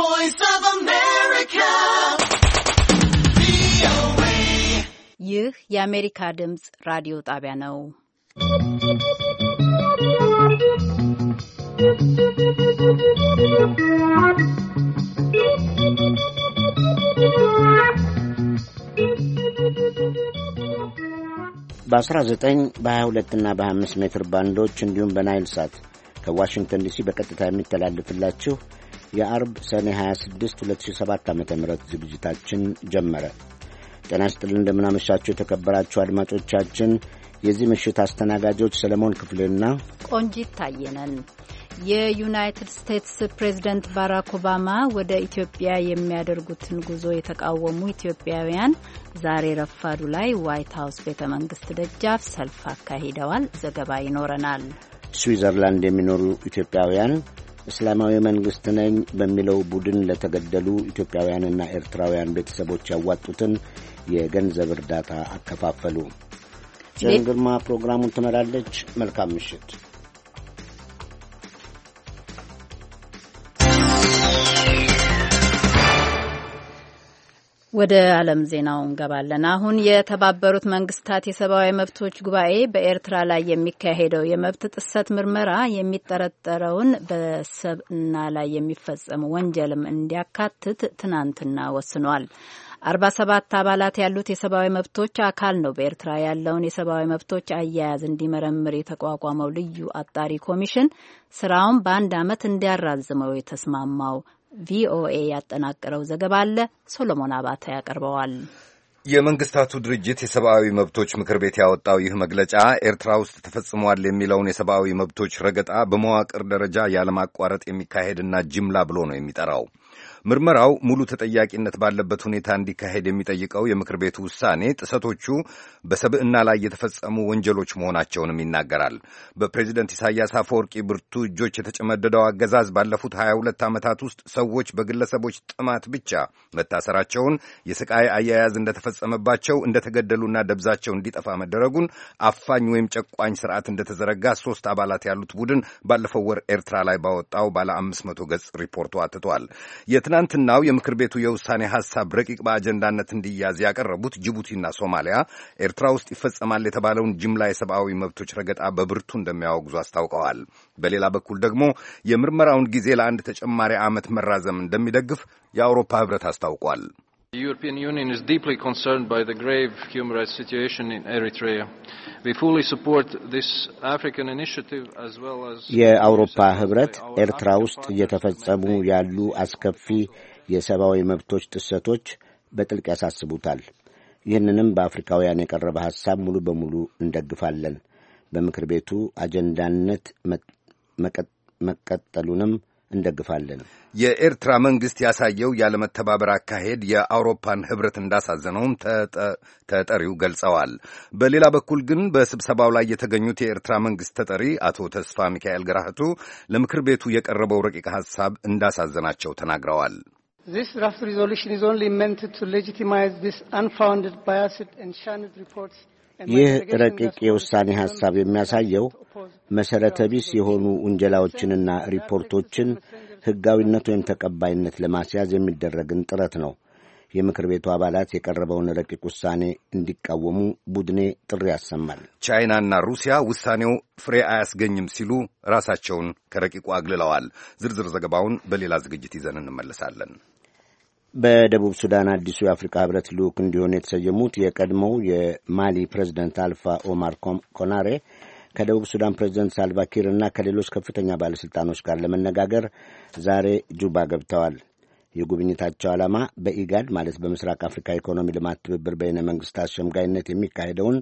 voice of America. ይህ የአሜሪካ ድምፅ ራዲዮ ጣቢያ ነው። በ19 በ22 እና በ25 ሜትር ባንዶች እንዲሁም በናይል ሳት ከዋሽንግተን ዲሲ በቀጥታ የሚተላልፍላችሁ የአርብ ሰኔ 26 2007 ዓ ም ዝግጅታችን ጀመረ። ጤና ይስጥልን፣ እንደምናመሻችሁ የተከበራችሁ አድማጮቻችን። የዚህ ምሽት አስተናጋጆች ሰለሞን ክፍልና ቆንጂት ታየነን። የዩናይትድ ስቴትስ ፕሬዝደንት ባራክ ኦባማ ወደ ኢትዮጵያ የሚያደርጉትን ጉዞ የተቃወሙ ኢትዮጵያውያን ዛሬ ረፋዱ ላይ ዋይት ሀውስ ቤተ መንግስት ደጃፍ ሰልፍ አካሂደዋል። ዘገባ ይኖረናል። ስዊዘርላንድ የሚኖሩ ኢትዮጵያውያን እስላማዊ መንግሥት ነኝ በሚለው ቡድን ለተገደሉ ኢትዮጵያውያንና ኤርትራውያን ቤተሰቦች ያዋጡትን የገንዘብ እርዳታ አከፋፈሉ። ጽዮን ግርማ ፕሮግራሙን ትመራለች። መልካም ምሽት። ወደ ዓለም ዜናው እንገባለን። አሁን የተባበሩት መንግስታት የሰብአዊ መብቶች ጉባኤ በኤርትራ ላይ የሚካሄደው የመብት ጥሰት ምርመራ የሚጠረጠረውን በሰብና ላይ የሚፈጸም ወንጀልም እንዲያካትት ትናንትና ወስኗል። አርባ ሰባት አባላት ያሉት የሰብአዊ መብቶች አካል ነው በኤርትራ ያለውን የሰብአዊ መብቶች አያያዝ እንዲመረምር የተቋቋመው ልዩ አጣሪ ኮሚሽን ስራውን በአንድ ዓመት እንዲያራዝመው የተስማማው ቪኦኤ ያጠናቀረው ዘገባ አለ። ሶሎሞን አባተ ያቀርበዋል። የመንግስታቱ ድርጅት የሰብአዊ መብቶች ምክር ቤት ያወጣው ይህ መግለጫ ኤርትራ ውስጥ ተፈጽሟል የሚለውን የሰብአዊ መብቶች ረገጣ በመዋቅር ደረጃ ያለማቋረጥ የሚካሄድና ጅምላ ብሎ ነው የሚጠራው። ምርመራው ሙሉ ተጠያቂነት ባለበት ሁኔታ እንዲካሄድ የሚጠይቀው የምክር ቤቱ ውሳኔ ጥሰቶቹ በሰብዕና ላይ የተፈጸሙ ወንጀሎች መሆናቸውንም ይናገራል። በፕሬዚደንት ኢሳያስ አፈወርቂ ብርቱ እጆች የተጨመደደው አገዛዝ ባለፉት 22 ዓመታት ውስጥ ሰዎች በግለሰቦች ጥማት ብቻ መታሰራቸውን፣ የስቃይ አያያዝ እንደተፈጸመባቸው፣ እንደተገደሉና ደብዛቸው እንዲጠፋ መደረጉን አፋኝ ወይም ጨቋኝ ስርዓት እንደተዘረጋ ሶስት አባላት ያሉት ቡድን ባለፈው ወር ኤርትራ ላይ ባወጣው ባለ መቶ ገጽ ሪፖርቱ አትቷል። በትናንትናው የምክር ቤቱ የውሳኔ ሐሳብ ረቂቅ በአጀንዳነት እንዲያዝ ያቀረቡት ጅቡቲና ሶማሊያ ኤርትራ ውስጥ ይፈጸማል የተባለውን ጅምላ የሰብአዊ መብቶች ረገጣ በብርቱ እንደሚያወግዙ አስታውቀዋል። በሌላ በኩል ደግሞ የምርመራውን ጊዜ ለአንድ ተጨማሪ ዓመት መራዘም እንደሚደግፍ የአውሮፓ ኅብረት አስታውቋል። The European Union is deeply concerned by the grave human rights situation in Eritrea. We fully support this African initiative as well as የአውሮፓ ህብረት ኤርትራ ውስጥ እየተፈጸሙ ያሉ አስከፊ የሰብአዊ መብቶች ጥሰቶች በጥልቅ ያሳስቡታል። ይህንንም በአፍሪካውያን የቀረበ ሐሳብ ሙሉ በሙሉ እንደግፋለን። በምክር ቤቱ አጀንዳነት መቀጠሉንም እንደግፋለን። የኤርትራ መንግሥት ያሳየው ያለመተባበር አካሄድ የአውሮፓን ኅብረት እንዳሳዘነውም ተጠሪው ገልጸዋል። በሌላ በኩል ግን በስብሰባው ላይ የተገኙት የኤርትራ መንግሥት ተጠሪ አቶ ተስፋ ሚካኤል ገራህቱ ለምክር ቤቱ የቀረበው ረቂቅ ሐሳብ እንዳሳዘናቸው ተናግረዋል። ሪዞሉሽን ይህ ረቂቅ የውሳኔ ሐሳብ የሚያሳየው መሠረተ ቢስ የሆኑ ውንጀላዎችንና ሪፖርቶችን ሕጋዊነት ወይም ተቀባይነት ለማስያዝ የሚደረግን ጥረት ነው። የምክር ቤቱ አባላት የቀረበውን ረቂቅ ውሳኔ እንዲቃወሙ ቡድኔ ጥሪ ያሰማል። ቻይናና ሩሲያ ውሳኔው ፍሬ አያስገኝም ሲሉ ራሳቸውን ከረቂቁ አግልለዋል። ዝርዝር ዘገባውን በሌላ ዝግጅት ይዘን እንመለሳለን። በደቡብ ሱዳን አዲሱ የአፍሪካ ህብረት ልዑክ እንዲሆን የተሰየሙት የቀድሞው የማሊ ፕሬዚደንት አልፋ ኦማር ኮናሬ ከደቡብ ሱዳን ፕሬዚደንት ሳልቫኪር እና ከሌሎች ከፍተኛ ባለሥልጣኖች ጋር ለመነጋገር ዛሬ ጁባ ገብተዋል። የጉብኝታቸው ዓላማ በኢጋድ ማለት በምስራቅ አፍሪካ ኢኮኖሚ ልማት ትብብር በይነ መንግሥት አሸምጋይነት የሚካሄደውን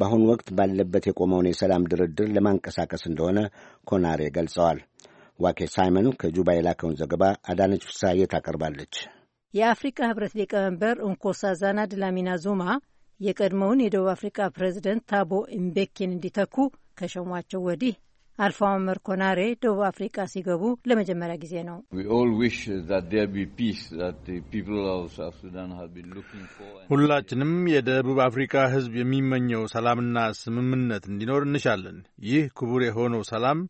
በአሁኑ ወቅት ባለበት የቆመውን የሰላም ድርድር ለማንቀሳቀስ እንደሆነ ኮናሬ ገልጸዋል። ዋኬ ሳይመን ከጁባ የላከውን ዘገባ አዳነች የት ታቀርባለች። የአፍሪካ ህብረት ሊቀመንበር እንኮሳዛና ድላሚና ዙማ የቀድሞውን የደቡብ አፍሪካ ፕሬዚደንት ታቦ ኢምቤኪን እንዲተኩ ከሸሟቸው ወዲህ አልፋ ኦመር ኮናሬ ደቡብ አፍሪካ ሲገቡ ለመጀመሪያ ጊዜ ነው። ሁላችንም የደቡብ አፍሪካ ህዝብ የሚመኘው ሰላምና ስምምነት እንዲኖር እንሻለን። ይህ ክቡር የሆነው ሰላም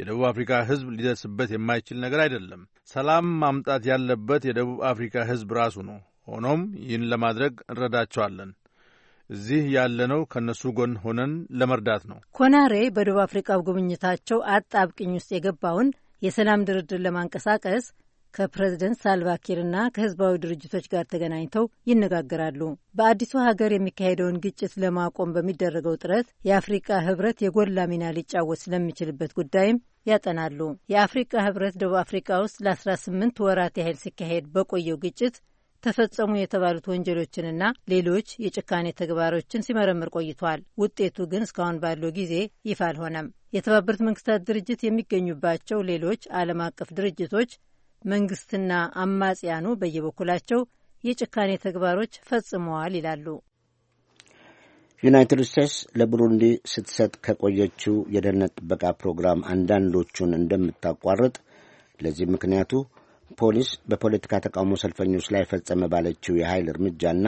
የደቡብ አፍሪካ ሕዝብ ሊደርስበት የማይችል ነገር አይደለም። ሰላም ማምጣት ያለበት የደቡብ አፍሪካ ሕዝብ ራሱ ነው። ሆኖም ይህን ለማድረግ እንረዳቸዋለን። እዚህ ያለነው ከእነሱ ጎን ሆነን ለመርዳት ነው። ኮናሬ በደቡብ አፍሪካው ጉብኝታቸው አጣብቅኝ ውስጥ የገባውን የሰላም ድርድር ለማንቀሳቀስ ከፕሬዝደንት ሳልቫኪርና ከህዝባዊ ድርጅቶች ጋር ተገናኝተው ይነጋገራሉ። በአዲሱ ሀገር የሚካሄደውን ግጭት ለማቆም በሚደረገው ጥረት የአፍሪቃ ህብረት የጎላ ሚና ሊጫወት ስለሚችልበት ጉዳይም ያጠናሉ። የአፍሪቃ ህብረት ደቡብ አፍሪቃ ውስጥ ለ18 ወራት ያህል ሲካሄድ በቆየው ግጭት ተፈጸሙ የተባሉት ወንጀሎችንና ሌሎች የጭካኔ ተግባሮችን ሲመረምር ቆይቷል። ውጤቱ ግን እስካሁን ባለው ጊዜ ይፋ አልሆነም። የተባበሩት መንግስታት ድርጅት የሚገኙባቸው ሌሎች ዓለም አቀፍ ድርጅቶች መንግስትና አማጽያኑ በየበኩላቸው የጭካኔ ተግባሮች ፈጽመዋል ይላሉ። ዩናይትድ ስቴትስ ለቡሩንዲ ስትሰጥ ከቆየችው የደህንነት ጥበቃ ፕሮግራም አንዳንዶቹን እንደምታቋርጥ ለዚህ ምክንያቱ ፖሊስ በፖለቲካ ተቃውሞ ሰልፈኞች ላይ ፈጸመ ባለችው የኃይል እርምጃና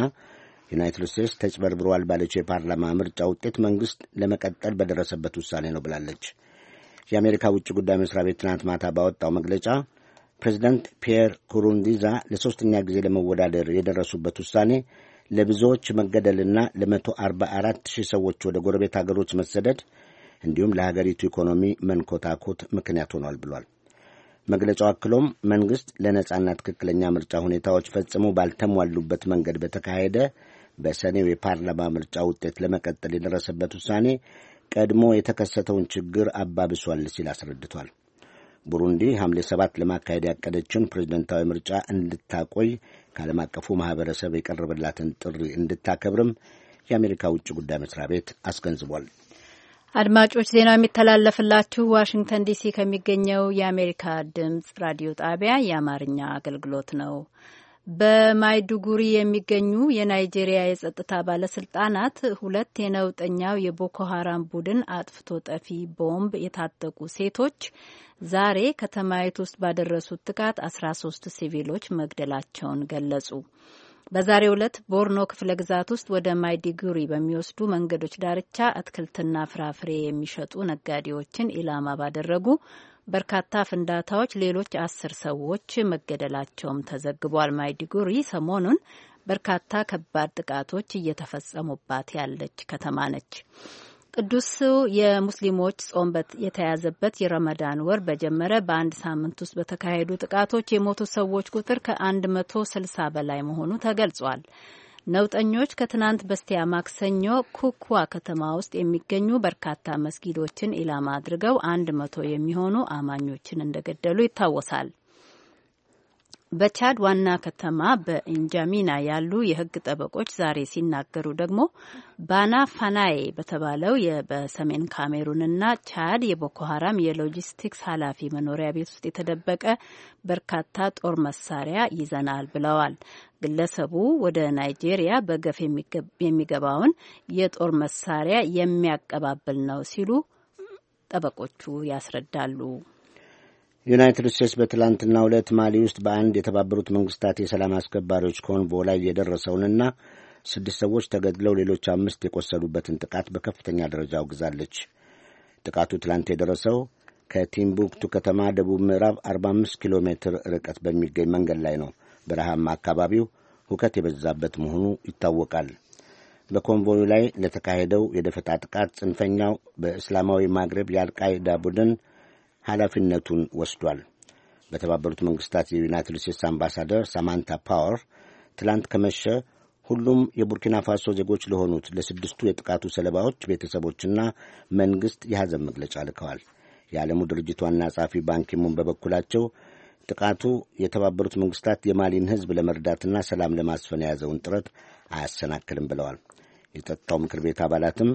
ዩናይትድ ስቴትስ ተጭበርብሯል ባለችው የፓርላማ ምርጫ ውጤት መንግሥት ለመቀጠል በደረሰበት ውሳኔ ነው ብላለች። የአሜሪካ ውጭ ጉዳይ መስሪያ ቤት ትናንት ማታ ባወጣው መግለጫ ፕሬዚዳንት ፒየር ኩሩንዲዛ ለሦስተኛ ጊዜ ለመወዳደር የደረሱበት ውሳኔ ለብዙዎች መገደልና አርባ አራት ሺህ ሰዎች ወደ ጎረቤት አገሮች መሰደድ እንዲሁም ለሀገሪቱ ኢኮኖሚ መንኮታኮት ምክንያት ሆኗል ብሏል። መግለጫው አክሎም መንግሥት ለነጻና ትክክለኛ ምርጫ ሁኔታዎች ፈጽሞ ባልተሟሉበት መንገድ በተካሄደ በሰኔው የፓርላማ ምርጫ ውጤት ለመቀጠል የደረሰበት ውሳኔ ቀድሞ የተከሰተውን ችግር አባብሷል ሲል አስረድቷል። ቡሩንዲ ሐምሌ ሰባት ለማካሄድ ያቀደችውን ፕሬዝደንታዊ ምርጫ እንድታቆይ ከዓለም አቀፉ ማህበረሰብ የቀረበላትን ጥሪ እንድታከብርም የአሜሪካ ውጭ ጉዳይ መስሪያ ቤት አስገንዝቧል። አድማጮች ዜናው የሚተላለፍላችሁ ዋሽንግተን ዲሲ ከሚገኘው የአሜሪካ ድምጽ ራዲዮ ጣቢያ የአማርኛ አገልግሎት ነው። በማይዱጉሪ የሚገኙ የናይጄሪያ የጸጥታ ባለስልጣናት ሁለት የነውጠኛው የቦኮ ሀራም ቡድን አጥፍቶ ጠፊ ቦምብ የታጠቁ ሴቶች ዛሬ ከተማይቱ ውስጥ ባደረሱት ጥቃት አስራ ሶስት ሲቪሎች መግደላቸውን ገለጹ። በዛሬ ዕለት ቦርኖ ክፍለ ግዛት ውስጥ ወደ ማይዲጉሪ በሚወስዱ መንገዶች ዳርቻ አትክልትና ፍራፍሬ የሚሸጡ ነጋዴዎችን ኢላማ ባደረጉ በርካታ ፍንዳታዎች ሌሎች አስር ሰዎች መገደላቸውም ተዘግቧል። ማይዲጉሪ ሰሞኑን በርካታ ከባድ ጥቃቶች እየተፈጸሙባት ያለች ከተማ ነች። ቅዱሱ የሙስሊሞች ጾም የተያዘበት የረመዳን ወር በጀመረ በአንድ ሳምንት ውስጥ በተካሄዱ ጥቃቶች የሞቱ ሰዎች ቁጥር ከ160 በላይ መሆኑ ተገልጿል። ነውጠኞች ከትናንት በስቲያ ማክሰኞ ኩኩዋ ከተማ ውስጥ የሚገኙ በርካታ መስጊዶችን ኢላማ አድርገው አንድ መቶ የሚሆኑ አማኞችን እንደገደሉ ይታወሳል። በቻድ ዋና ከተማ በኢንጃሚና ያሉ የሕግ ጠበቆች ዛሬ ሲናገሩ ደግሞ ባና ፋናዬ በተባለው በሰሜን ካሜሩንና ቻድ የቦኮ ሀራም የሎጂስቲክስ ኃላፊ መኖሪያ ቤት ውስጥ የተደበቀ በርካታ ጦር መሳሪያ ይዘናል ብለዋል። ግለሰቡ ወደ ናይጄሪያ በገፍ የሚገባውን የጦር መሳሪያ የሚያቀባብል ነው ሲሉ ጠበቆቹ ያስረዳሉ። ዩናይትድ ስቴትስ በትላንትና ዕለት ማሊ ውስጥ በአንድ የተባበሩት መንግስታት የሰላም አስከባሪዎች ኮንቮ ላይ የደረሰውንና ስድስት ሰዎች ተገድለው ሌሎች አምስት የቆሰሉበትን ጥቃት በከፍተኛ ደረጃ አውግዛለች። ጥቃቱ ትላንት የደረሰው ከቲምቡክቱ ከተማ ደቡብ ምዕራብ 45 ኪሎ ሜትር ርቀት በሚገኝ መንገድ ላይ ነው። በረሃማ አካባቢው ሁከት የበዛበት መሆኑ ይታወቃል። በኮንቮዩ ላይ ለተካሄደው የደፈጣ ጥቃት ጽንፈኛው በእስላማዊ ማግረብ የአልቃይዳ ቡድን ኃላፊነቱን ወስዷል። በተባበሩት መንግስታት የዩናይትድ ስቴትስ አምባሳደር ሳማንታ ፓወር ትላንት ከመሸ ሁሉም የቡርኪና ፋሶ ዜጎች ለሆኑት ለስድስቱ የጥቃቱ ሰለባዎች ቤተሰቦችና መንግሥት የሐዘን መግለጫ ልከዋል። የዓለሙ ድርጅት ዋና ጸሐፊ ባንኪሙን በበኩላቸው ጥቃቱ የተባበሩት መንግስታት የማሊን ሕዝብ ለመርዳትና ሰላም ለማስፈን የያዘውን ጥረት አያሰናክልም ብለዋል። የጸጥታው ምክር ቤት አባላትም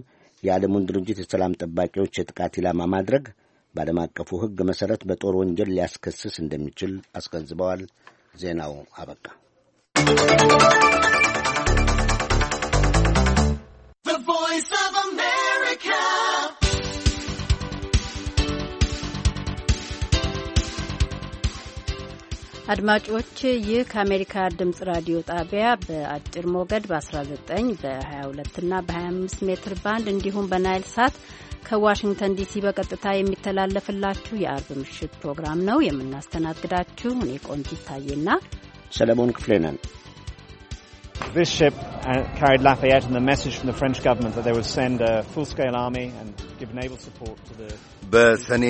የዓለሙን ድርጅት የሰላም ጠባቂዎች የጥቃት ኢላማ ማድረግ በዓለም አቀፉ ሕግ መሠረት በጦር ወንጀል ሊያስከስስ እንደሚችል አስገንዝበዋል። ዜናው አበቃ። አድማጮች ይህ ከአሜሪካ ድምጽ ራዲዮ ጣቢያ በአጭር ሞገድ በ19 በ22 እና በ25 ሜትር ባንድ እንዲሁም በናይል ሳት ከዋሽንግተን ዲሲ በቀጥታ የሚተላለፍላችሁ የአርብ ምሽት ፕሮግራም ነው። የምናስተናግዳችሁ እኔ ቆንጂት ታዬና ሰለሞን ክፍሌ ነን። This ship carried Lafayette and the message from the French government that they would send a full-scale army and give naval support to the በሰኔ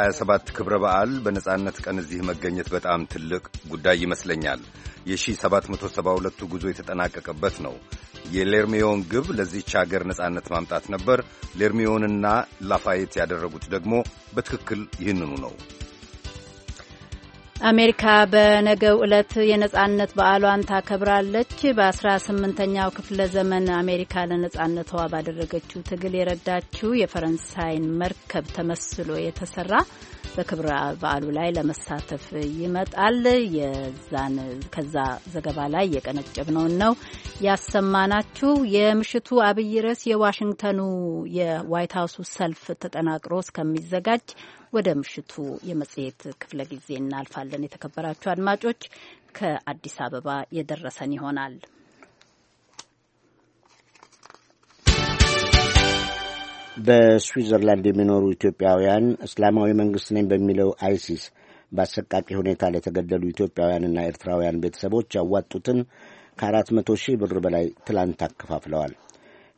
27 ክብረ በዓል በነጻነት ቀን እዚህ መገኘት በጣም ትልቅ ጉዳይ ይመስለኛል። የ1772ቱ ጉዞ የተጠናቀቀበት ነው። የሌርሚዮን ግብ ለዚች አገር ነጻነት ማምጣት ነበር። ሌርሚዮንና ላፋየት ያደረጉት ደግሞ በትክክል ይህንኑ ነው። አሜሪካ በነገው ዕለት የነጻነት በዓሏን ታከብራለች። በ18ኛው ክፍለ ዘመን አሜሪካ ለነጻነቷ ባደረገችው ትግል የረዳችው የፈረንሳይን መርከብ ተመስሎ የተሰራ በክብረ በዓሉ ላይ ለመሳተፍ ይመጣል። የዛን ከዛ ዘገባ ላይ የቀነጨብነውን ነው ያሰማናችሁ። የምሽቱ አብይ ርዕስ የዋሽንግተኑ የዋይት ሀውሱ ሰልፍ ተጠናቅሮ እስከሚዘጋጅ ወደ ምሽቱ የመጽሔት ክፍለ ጊዜ እናልፋለን። የተከበራችሁ አድማጮች ከአዲስ አበባ የደረሰን ይሆናል። በስዊዘርላንድ የሚኖሩ ኢትዮጵያውያን እስላማዊ መንግሥት ነኝ በሚለው አይሲስ በአሰቃቂ ሁኔታ ለተገደሉ ኢትዮጵያውያንና ኤርትራውያን ቤተሰቦች ያዋጡትን ከአራት መቶ ሺህ ብር በላይ ትላንት አከፋፍለዋል።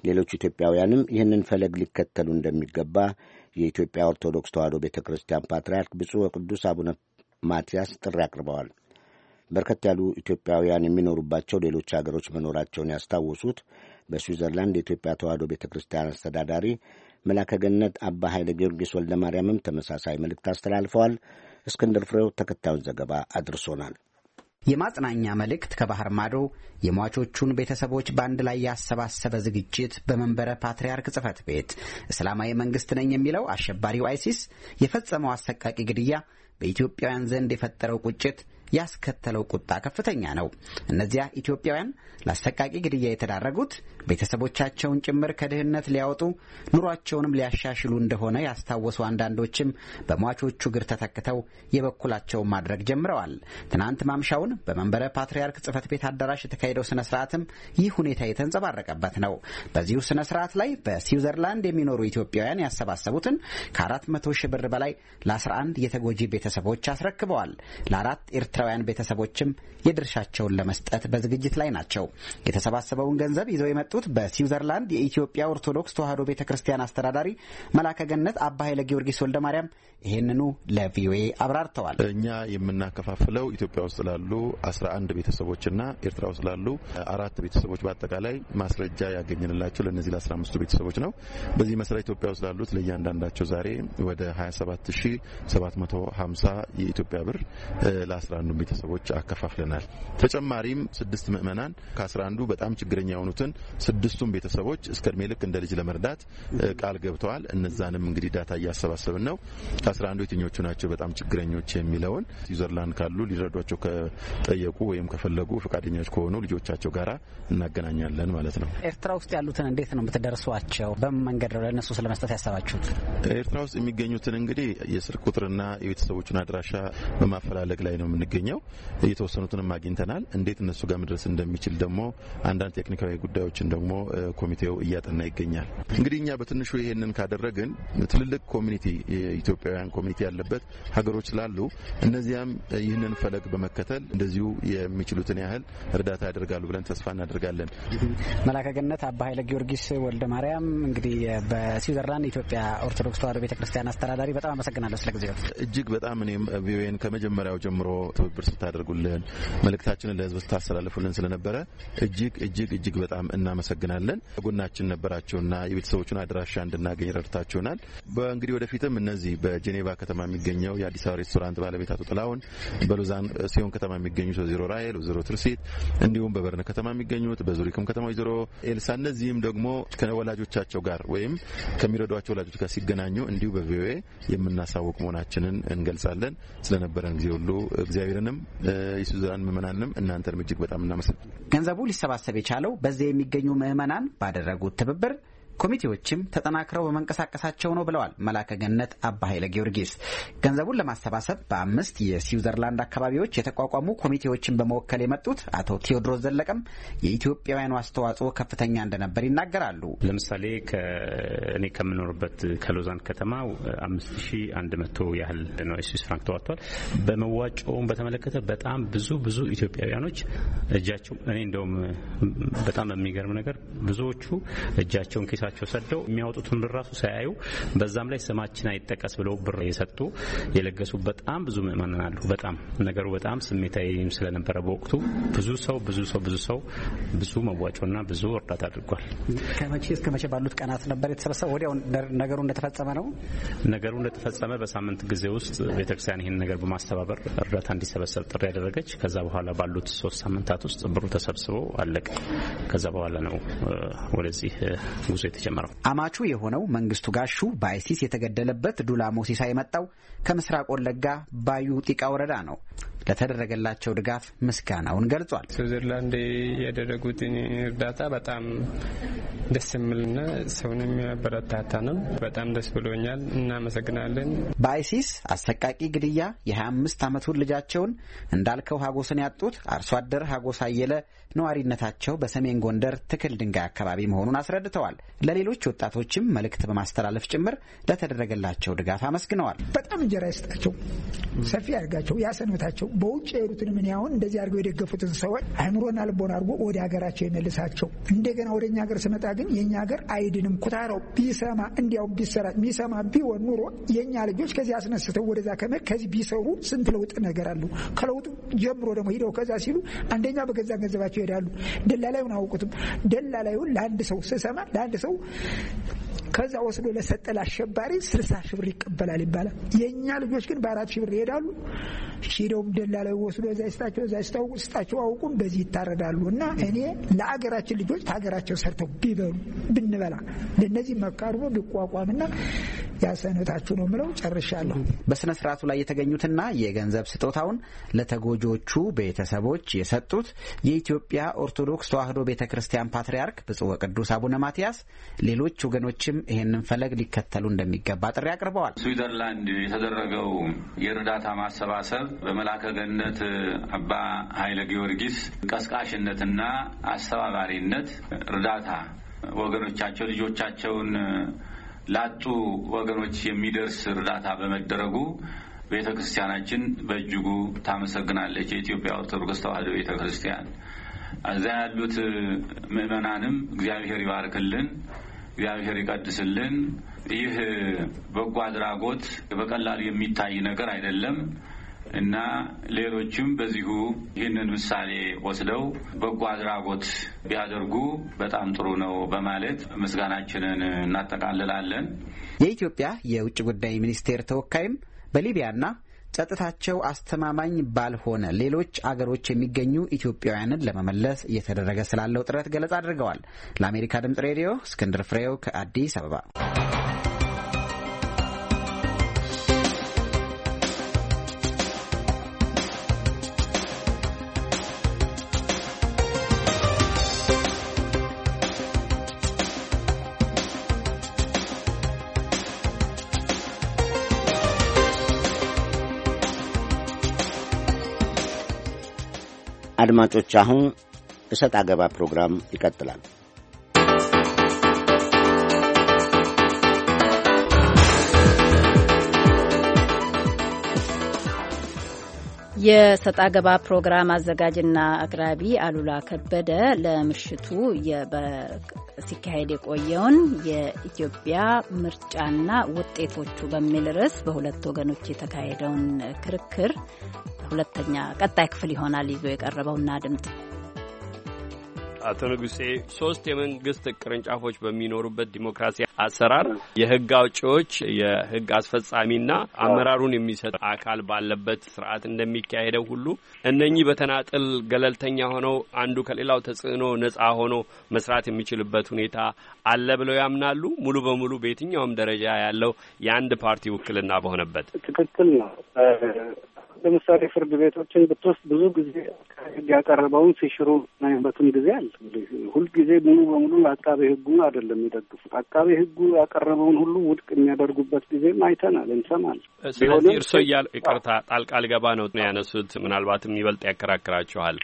ሌሎች ኢትዮጵያውያንም ይህንን ፈለግ ሊከተሉ እንደሚገባ የኢትዮጵያ ኦርቶዶክስ ተዋሕዶ ቤተ ክርስቲያን ፓትርያርክ ብፁዕ ወቅዱስ አቡነ ማትያስ ጥሪ አቅርበዋል። በርከት ያሉ ኢትዮጵያውያን የሚኖሩባቸው ሌሎች ሀገሮች መኖራቸውን ያስታወሱት በስዊዘርላንድ የኢትዮጵያ ተዋሕዶ ቤተ ክርስቲያን አስተዳዳሪ መላከ ገነት አባ ኃይለ ጊዮርጊስ ወልደ ማርያምም ተመሳሳይ መልእክት አስተላልፈዋል። እስክንድር ፍሬው ተከታዩን ዘገባ አድርሶናል። የማጽናኛ መልእክት ከባህር ማዶ የሟቾቹን ቤተሰቦች በአንድ ላይ ያሰባሰበ ዝግጅት በመንበረ ፓትርያርክ ጽህፈት ቤት እስላማዊ መንግስት ነኝ የሚለው አሸባሪው አይሲስ የፈጸመው አሰቃቂ ግድያ በኢትዮጵያውያን ዘንድ የፈጠረው ቁጭት ያስከተለው ቁጣ ከፍተኛ ነው። እነዚያ ኢትዮጵያውያን ለአሰቃቂ ግድያ የተዳረጉት ቤተሰቦቻቸውን ጭምር ከድህነት ሊያወጡ ኑሯቸውንም ሊያሻሽሉ እንደሆነ ያስታወሱ አንዳንዶችም በሟቾቹ እግር ተተክተው የበኩላቸውን ማድረግ ጀምረዋል። ትናንት ማምሻውን በመንበረ ፓትርያርክ ጽህፈት ቤት አዳራሽ የተካሄደው ስነ ስርዓትም ይህ ሁኔታ የተንጸባረቀበት ነው። በዚሁ ስነ ስርዓት ላይ በስዊዘርላንድ የሚኖሩ ኢትዮጵያውያን ያሰባሰቡትን ከአራት መቶ ሺህ ብር በላይ ለ11 የተጎጂ ቤተሰቦች አስረክበዋል። ለአራት ኤርትራውያን ቤተሰቦችም የድርሻቸውን ለመስጠት በዝግጅት ላይ ናቸው። የተሰባሰበውን ገንዘብ ይዘው የመጡ የተገኙት በስዊዘርላንድ የኢትዮጵያ ኦርቶዶክስ ተዋሕዶ ቤተ ክርስቲያን አስተዳዳሪ መላከ ገነት አባ ኃይለ ጊዮርጊስ ወልደ ማርያም ይህንኑ ለቪኦኤ አብራርተዋል። እኛ የምናከፋፍለው ኢትዮጵያ ውስጥ ላሉ አስራ አንድ ቤተሰቦችና ኤርትራ ውስጥ ላሉ አራት ቤተሰቦች በአጠቃላይ ማስረጃ ያገኝንላቸው ለእነዚህ ለአስራ አምስቱ ቤተሰቦች ነው። በዚህ መሰረት ኢትዮጵያ ውስጥ ላሉት ለእያንዳንዳቸው ዛሬ ወደ 27750 የኢትዮጵያ ብር ለ11ዱ ቤተሰቦች አከፋፍለናል። ተጨማሪም ስድስት ምዕመናን ከ 11 በጣም ችግረኛ የሆኑትን ስድስቱም ቤተሰቦች እስከ እድሜ ልክ እንደ ልጅ ለመርዳት ቃል ገብተዋል። እነዛንም እንግዲህ ዳታ እያሰባሰብን ነው። ከአስራ አንዱ የትኞቹ ናቸው በጣም ችግረኞች የሚለውን ስዊዘርላንድ ካሉ ሊረዷቸው ከጠየቁ ወይም ከፈለጉ ፈቃደኞች ከሆኑ ልጆቻቸው ጋራ እናገናኛለን ማለት ነው። ኤርትራ ውስጥ ያሉትን እንዴት ነው የምትደርሷቸው? በምን መንገድ ነው ለእነሱ ስለመስጠት ያሰባችሁት? ኤርትራ ውስጥ የሚገኙትን እንግዲህ የስልክ ቁጥርና የቤተሰቦቹን አድራሻ በማፈላለግ ላይ ነው የምንገኘው። የተወሰኑትንም አግኝተናል። እንዴት እነሱ ጋር መድረስ እንደሚችል ደግሞ አንዳንድ ቴክኒካዊ ጉዳዮችን ደግሞ ኮሚቴው እያጠና ይገኛል። እንግዲህ እኛ በትንሹ ይሄንን ካደረግን ትልልቅ ኮሚኒቲ የኢትዮጵያውያን ኮሚኒቲ ያለበት ሀገሮች ስላሉ እነዚያም ይህንን ፈለግ በመከተል እንደዚሁ የሚችሉትን ያህል እርዳታ ያደርጋሉ ብለን ተስፋ እናደርጋለን። መላከገነት አባ ኃይለ ጊዮርጊስ ወልደ ማርያም እንግዲህ በስዊዘርላንድ ኢትዮጵያ ኦርቶዶክስ ተዋህዶ ቤተ ክርስቲያን አስተዳዳሪ፣ በጣም አመሰግናለሁ ስለ ጊዜው እጅግ በጣም እኔም ቪኦኤን ከመጀመሪያው ጀምሮ ትብብር ስታደርጉልን መልእክታችንን ለህዝብ ስታስተላልፉልን ስለነበረ እጅግ እጅግ እጅግ በጣም እናመ እናመሰግናለን። ጎናችን ነበራቸውና የቤተሰቦቹን አድራሻ እንድናገኝ ረድታችሁናል። በእንግዲህ ወደፊትም እነዚህ በጄኔቫ ከተማ የሚገኘው የአዲስ አበባ ሬስቶራንት ባለቤት አቶ ጥላሁን፣ በሎዛን ሲዮን ከተማ የሚገኙት ወይዘሮ ራሄል፣ ወይዘሮ ትርሲት እንዲሁም በበርን ከተማ የሚገኙት በዙሪክም ከተማ ወይዘሮ ኤልሳ እነዚህም ደግሞ ከወላጆቻቸው ጋር ወይም ከሚረዷቸው ወላጆች ጋር ሲገናኙ እንዲሁ በቪኦኤ የምናሳውቅ መሆናችንን እንገልጻለን። ስለነበረን ጊዜ ሁሉ እግዚአብሔርንም የሱዛን ምእመናንም እናንተንም እጅግ በጣም እናመሰግናለን። ገንዘቡ ሊሰባሰብ የቻለው በዚያ የሚገኙ ምዕመናን ባደረጉት ትብብር ኮሚቴዎችም ተጠናክረው በመንቀሳቀሳቸው ነው ብለዋል መላከ ገነት አባ ኃይለ ጊዮርጊስ። ገንዘቡን ለማሰባሰብ በአምስት የስዊዘርላንድ አካባቢዎች የተቋቋሙ ኮሚቴዎችን በመወከል የመጡት አቶ ቴዎድሮስ ዘለቀም የኢትዮጵያውያኑ አስተዋጽኦ ከፍተኛ እንደነበር ይናገራሉ። ለምሳሌ እኔ ከምኖርበት ከሎዛን ከተማ አምስት ሺ አንድ መቶ ያህል ነው ስዊስ ፍራንክ ተዋጥቷል። በመዋጮውን በተመለከተ በጣም ብዙ ብዙ ኢትዮጵያውያኖች እጃቸው እኔ እንደውም በጣም የሚገርም ነገር ብዙዎቹ እጃቸውን ኪሳ ቤታቸው ሰደው የሚያወጡትን ብር ራሱ ሳያዩ በዛም ላይ ስማችን አይጠቀስ ብለው ብር የሰጡ የለገሱ በጣም ብዙ ምእመናን አሉ። በጣም ነገሩ በጣም ስሜታዊም ስለነበረ በወቅቱ ብዙ ሰው ብዙ ሰው ብዙ ሰው ብዙ መዋጮና ብዙ እርዳታ አድርጓል። ከመቼ እስከ መቼ ባሉት ቀናት ነበር የተሰበሰበው? ወዲያው ነገሩ እንደተፈጸመ ነው። ነገሩ እንደተፈጸመ በሳምንት ጊዜ ውስጥ ቤተክርስቲያን ይህን ነገር በማስተባበር እርዳታ እንዲሰበሰብ ጥሪ ያደረገች። ከዛ በኋላ ባሉት ሶስት ሳምንታት ውስጥ ብሩ ተሰብስቦ አለቀ። ከዛ በኋላ ነው ወደዚህ ጉዞ የተጀመረው። አማቹ የሆነው መንግስቱ ጋሹ በአይሲስ የተገደለበት ዱላ ሞሲሳ የመጣው ከምስራቅ ወለጋ ባዩ ጢቃ ወረዳ ነው። ለተደረገላቸው ድጋፍ ምስጋናውን ገልጿል። ስዊዘርላንድ ያደረጉትን እርዳታ በጣም ደስ የሚልና ሰውን የሚያበረታታ ነው። በጣም ደስ ብሎኛል። እናመሰግናለን። በአይሲስ አሰቃቂ ግድያ የ25 ዓመቱን ልጃቸውን እንዳልከው ሀጎስን ያጡት አርሶ አደር ሀጎስ አየለ ነዋሪነታቸው በሰሜን ጎንደር ትክል ድንጋይ አካባቢ መሆኑን አስረድተዋል። ለሌሎች ወጣቶችም መልእክት በማስተላለፍ ጭምር ለተደረገላቸው ድጋፍ አመስግነዋል። በጣም እንጀራ ይስጣቸው፣ ሰፊ ያድርጋቸው፣ ያሰንብታቸው። በውጭ የሄዱትን ምን ያሁን እንደዚህ አድርገው የደገፉትን ሰዎች አእምሮና ልቦን አድርጎ ወደ ሀገራቸው የመልሳቸው። እንደገና ወደ እኛ ሀገር ስመጣ ግን የእኛ ሀገር አይድንም ኩታረው ቢሰማ እንዲያው ቢሰራ ሚሰማ ቢሆን ኑሮ የእኛ ልጆች ከዚህ አስነስተው ወደዛ ከመ ከዚህ ቢሰሩ ስንት ለውጥ ነገር አሉ። ከለውጡ ጀምሮ ደግሞ ሂደው ከዛ ሲሉ አንደኛ በገዛ ገንዘባቸው ይዘዋቸው ይሄዳሉ። ደላላዩን አያውቁትም። ደላላዩን ለአንድ ሰው ስሰማ ለአንድ ሰው ከዛ ወስዶ ለሰጠ ለአሸባሪ ስልሳ ሺህ ብር ይቀበላል ይባላል። የእኛ ልጆች ግን በአራት ሺህ ብር ይሄዳሉ። ሂደውም ደላላዩ ወስዶ እዛ ይስጣቸው እዛ ይስታውቁ ስጣቸው አውቁም በዚህ ይታረዳሉ። እና እኔ ለአገራችን ልጆች ከሀገራቸው ሰርተው ቢበሉ ብንበላ ለእነዚህ መካርቦ ቢቋቋምና ያሰነታችሁ ነው ምለው ጨርሻለሁ። በስነ ስርዓቱ ላይ የተገኙትና የገንዘብ ስጦታውን ለተጎጆቹ ቤተሰቦች የሰጡት የኢትዮጵያ ኦርቶዶክስ ተዋሕዶ ቤተ ክርስቲያን ፓትርያርክ ብፁዕ ወቅዱስ አቡነ ማትያስ ሌሎች ወገኖችም ይህንን ፈለግ ሊከተሉ እንደሚገባ ጥሪ አቅርበዋል። ስዊዘርላንድ የተደረገው የእርዳታ ማሰባሰብ በመላከ ገነት አባ ኃይለ ጊዮርጊስ ቀስቃሽነትና አስተባባሪነት እርዳታ ወገኖቻቸው ልጆቻቸውን ላጡ ወገኖች የሚደርስ እርዳታ በመደረጉ ቤተ ክርስቲያናችን በእጅጉ ታመሰግናለች። የኢትዮጵያ ኦርቶዶክስ ተዋሕዶ ቤተ ክርስቲያን እዛ ያሉት ምእመናንም እግዚአብሔር ይባርክልን፣ እግዚአብሔር ይቀድስልን። ይህ በጎ አድራጎት በቀላሉ የሚታይ ነገር አይደለም። እና ሌሎችም በዚሁ ይህንን ምሳሌ ወስደው በጎ አድራጎት ቢያደርጉ በጣም ጥሩ ነው በማለት ምስጋናችንን እናጠቃልላለን። የኢትዮጵያ የውጭ ጉዳይ ሚኒስቴር ተወካይም በሊቢያና ጸጥታቸው አስተማማኝ ባልሆነ ሌሎች አገሮች የሚገኙ ኢትዮጵያውያንን ለመመለስ እየተደረገ ስላለው ጥረት ገለጻ አድርገዋል። ለአሜሪካ ድምጽ ሬዲዮ እስክንድር ፍሬው ከአዲስ አበባ አድማጮች፣ አሁን እሰጥ አገባ ፕሮግራም ይቀጥላል። የሰጣ ገባ ፕሮግራም አዘጋጅና አቅራቢ አሉላ ከበደ ለምሽቱ ሲካሄድ የቆየውን የኢትዮጵያ ምርጫና ውጤቶቹ በሚል ርዕስ በሁለት ወገኖች የተካሄደውን ክርክር ሁለተኛ ቀጣይ ክፍል ይሆናል ይዞ የቀረበውና ድምፅ አቶ ንጉሴ ሶስት የመንግስት ቅርንጫፎች በሚኖሩበት ዲሞክራሲ አሰራር የህግ አውጪዎች የህግ አስፈጻሚና አመራሩን የሚሰጥ አካል ባለበት ስርዓት እንደሚካሄደው ሁሉ እነኚህ በተናጥል ገለልተኛ ሆነው አንዱ ከሌላው ተጽዕኖ ነጻ ሆኖ መስራት የሚችልበት ሁኔታ አለ ብለው ያምናሉ። ሙሉ በሙሉ በየትኛውም ደረጃ ያለው የአንድ ፓርቲ ውክልና በሆነበት ትክክል ነው። ለምሳሌ ፍርድ ቤቶችን ብትወስድ ብዙ ጊዜ ህግ ያቀረበውን ሲሽሩ ናይበትም ጊዜ አለ። ሁልጊዜ ሙሉ በሙሉ አቃቤ ህጉ አይደለም የሚደግፉት። አቃቤ ህጉ ያቀረበውን ሁሉ ውድቅ የሚያደርጉበት ጊዜም አይተናል፣ እንሰማል። ስለዚህ እርሶ እያሉ ይቅርታ ጣልቃ ልገባ ነው ነው ያነሱት። ምናልባትም ይበልጥ ያከራክራችኋል።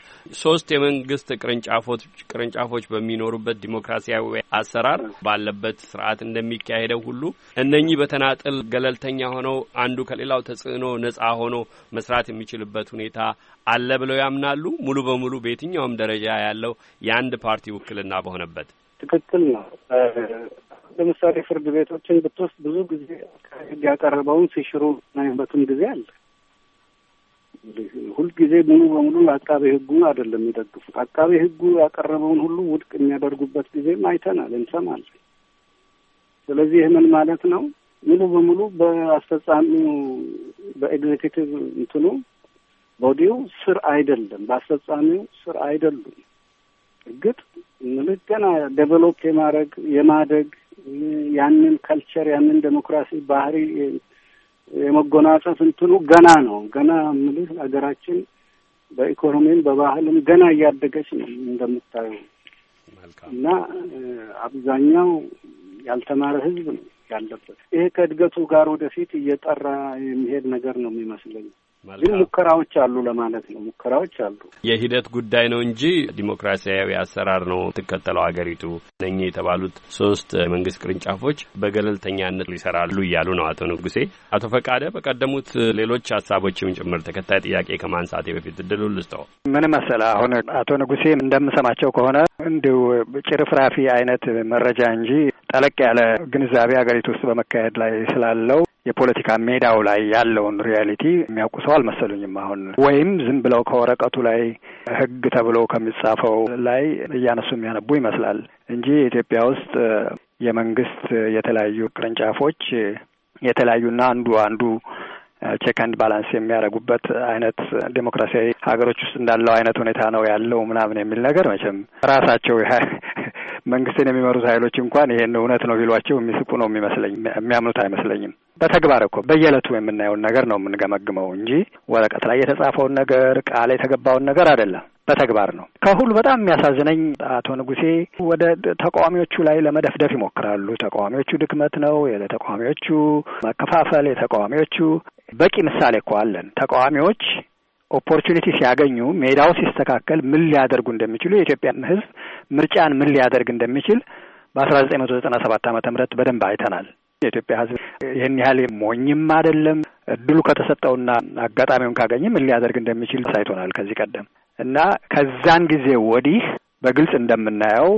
ሶስት የመንግስት ቅርንጫፎች ቅርንጫፎች በሚኖሩበት ዲሞክራሲያዊ አሰራር ባለበት ስርዓት እንደሚካሄደው ሁሉ እነኚህ በተናጥል ገለልተኛ ሆነው አንዱ ከሌላው ተጽዕኖ ነጻ ሆኖ መስራት የሚችልበት ሁኔታ አለ ብለው ያምናሉ? ሙሉ በሙሉ በየትኛውም ደረጃ ያለው የአንድ ፓርቲ ውክልና በሆነበት ትክክል ነው። ለምሳሌ ፍርድ ቤቶችን ብትወስድ ብዙ ጊዜ ህግ ያቀረበውን ሲሽሩ ናይበትም ጊዜ አለ። ሁልጊዜ ሙሉ በሙሉ አቃቤ ህጉ አይደለም የሚደግፉት። አቃቤ ህጉ ያቀረበውን ሁሉ ውድቅ የሚያደርጉበት ጊዜም አይተናል፣ እንሰማለን። ስለዚህ ይህ ምን ማለት ነው? ሙሉ በሙሉ በአስፈጻሚው በኤግዜኪቲቭ እንትኑ ቦዲው ስር አይደለም፣ በአስፈጻሚው ስር አይደሉም። እርግጥ ምልህ ገና ዴቨሎፕ የማድረግ የማደግ ያንን ካልቸር ያንን ዴሞክራሲ ባህሪ የመጎናጸፍ እንትኑ ገና ነው። ገና ምልህ ሀገራችን በኢኮኖሚም በባህልም ገና እያደገች ነው እንደምታየው እና አብዛኛው ያልተማረ ህዝብ ነው። ያለበት። ይሄ ከእድገቱ ጋር ወደፊት እየጠራ የሚሄድ ነገር ነው የሚመስለኝ። ግን ሙከራዎች አሉ ለማለት ነው። ሙከራዎች አሉ። የሂደት ጉዳይ ነው እንጂ ዲሞክራሲያዊ አሰራር ነው ትከተለው ሀገሪቱ። እነኚህ የተባሉት ሶስት የመንግስት ቅርንጫፎች በገለልተኛነት ይሰራሉ እያሉ ነው አቶ ንጉሴ። አቶ ፈቃደ በቀደሙት ሌሎች ሀሳቦችም ጭምር ተከታይ ጥያቄ ከማንሳቴ በፊት እድሉን ልስጠው። ምን መሰለህ፣ አሁን አቶ ንጉሴ እንደምሰማቸው ከሆነ እንዲሁ ጭርፍራፊ አይነት መረጃ እንጂ ጠለቅ ያለ ግንዛቤ ሀገሪቱ ውስጥ በመካሄድ ላይ ስላለው የፖለቲካ ሜዳው ላይ ያለውን ሪያሊቲ የሚያውቁ ሰው አልመሰሉኝም። አሁን ወይም ዝም ብለው ከወረቀቱ ላይ ህግ ተብሎ ከሚጻፈው ላይ እያነሱ የሚያነቡ ይመስላል እንጂ ኢትዮጵያ ውስጥ የመንግስት የተለያዩ ቅርንጫፎች የተለያዩና አንዱ አንዱ ቼክ አንድ ባላንስ የሚያደርጉበት አይነት ዴሞክራሲያዊ ሀገሮች ውስጥ እንዳለው አይነት ሁኔታ ነው ያለው ምናምን የሚል ነገር መቼም ራሳቸው መንግስትን የሚመሩት ኃይሎች እንኳን ይሄን እውነት ነው ቢሏቸው የሚስቁ ነው የሚመስለኝ። የሚያምኑት አይመስለኝም። በተግባር እኮ በየዕለቱ የምናየውን ነገር ነው የምንገመግመው እንጂ ወረቀት ላይ የተጻፈውን ነገር ቃል የተገባውን ነገር አይደለም። በተግባር ነው። ከሁሉ በጣም የሚያሳዝነኝ አቶ ንጉሴ ወደ ተቃዋሚዎቹ ላይ ለመደፍደፍ ይሞክራሉ። ተቃዋሚዎቹ ድክመት ነው፣ የተቃዋሚዎቹ መከፋፈል፣ የተቃዋሚዎቹ በቂ ምሳሌ እኮ አለን። ተቃዋሚዎች ኦፖርቹኒቲ ሲያገኙ ሜዳው ሲስተካከል ምን ሊያደርጉ እንደሚችሉ የኢትዮጵያ ህዝብ ምርጫን ምን ሊያደርግ እንደሚችል በአስራ ዘጠኝ መቶ ዘጠና ሰባት ዓመተ ምህረት በደንብ አይተናል። የኢትዮጵያ ህዝብ ይህን ያህል ሞኝም አይደለም። እድሉ ከተሰጠውና አጋጣሚውን ካገኘ ምን ሊያደርግ እንደሚችል ሳይቶናል ከዚህ ቀደም እና ከዛን ጊዜ ወዲህ በግልጽ እንደምናየው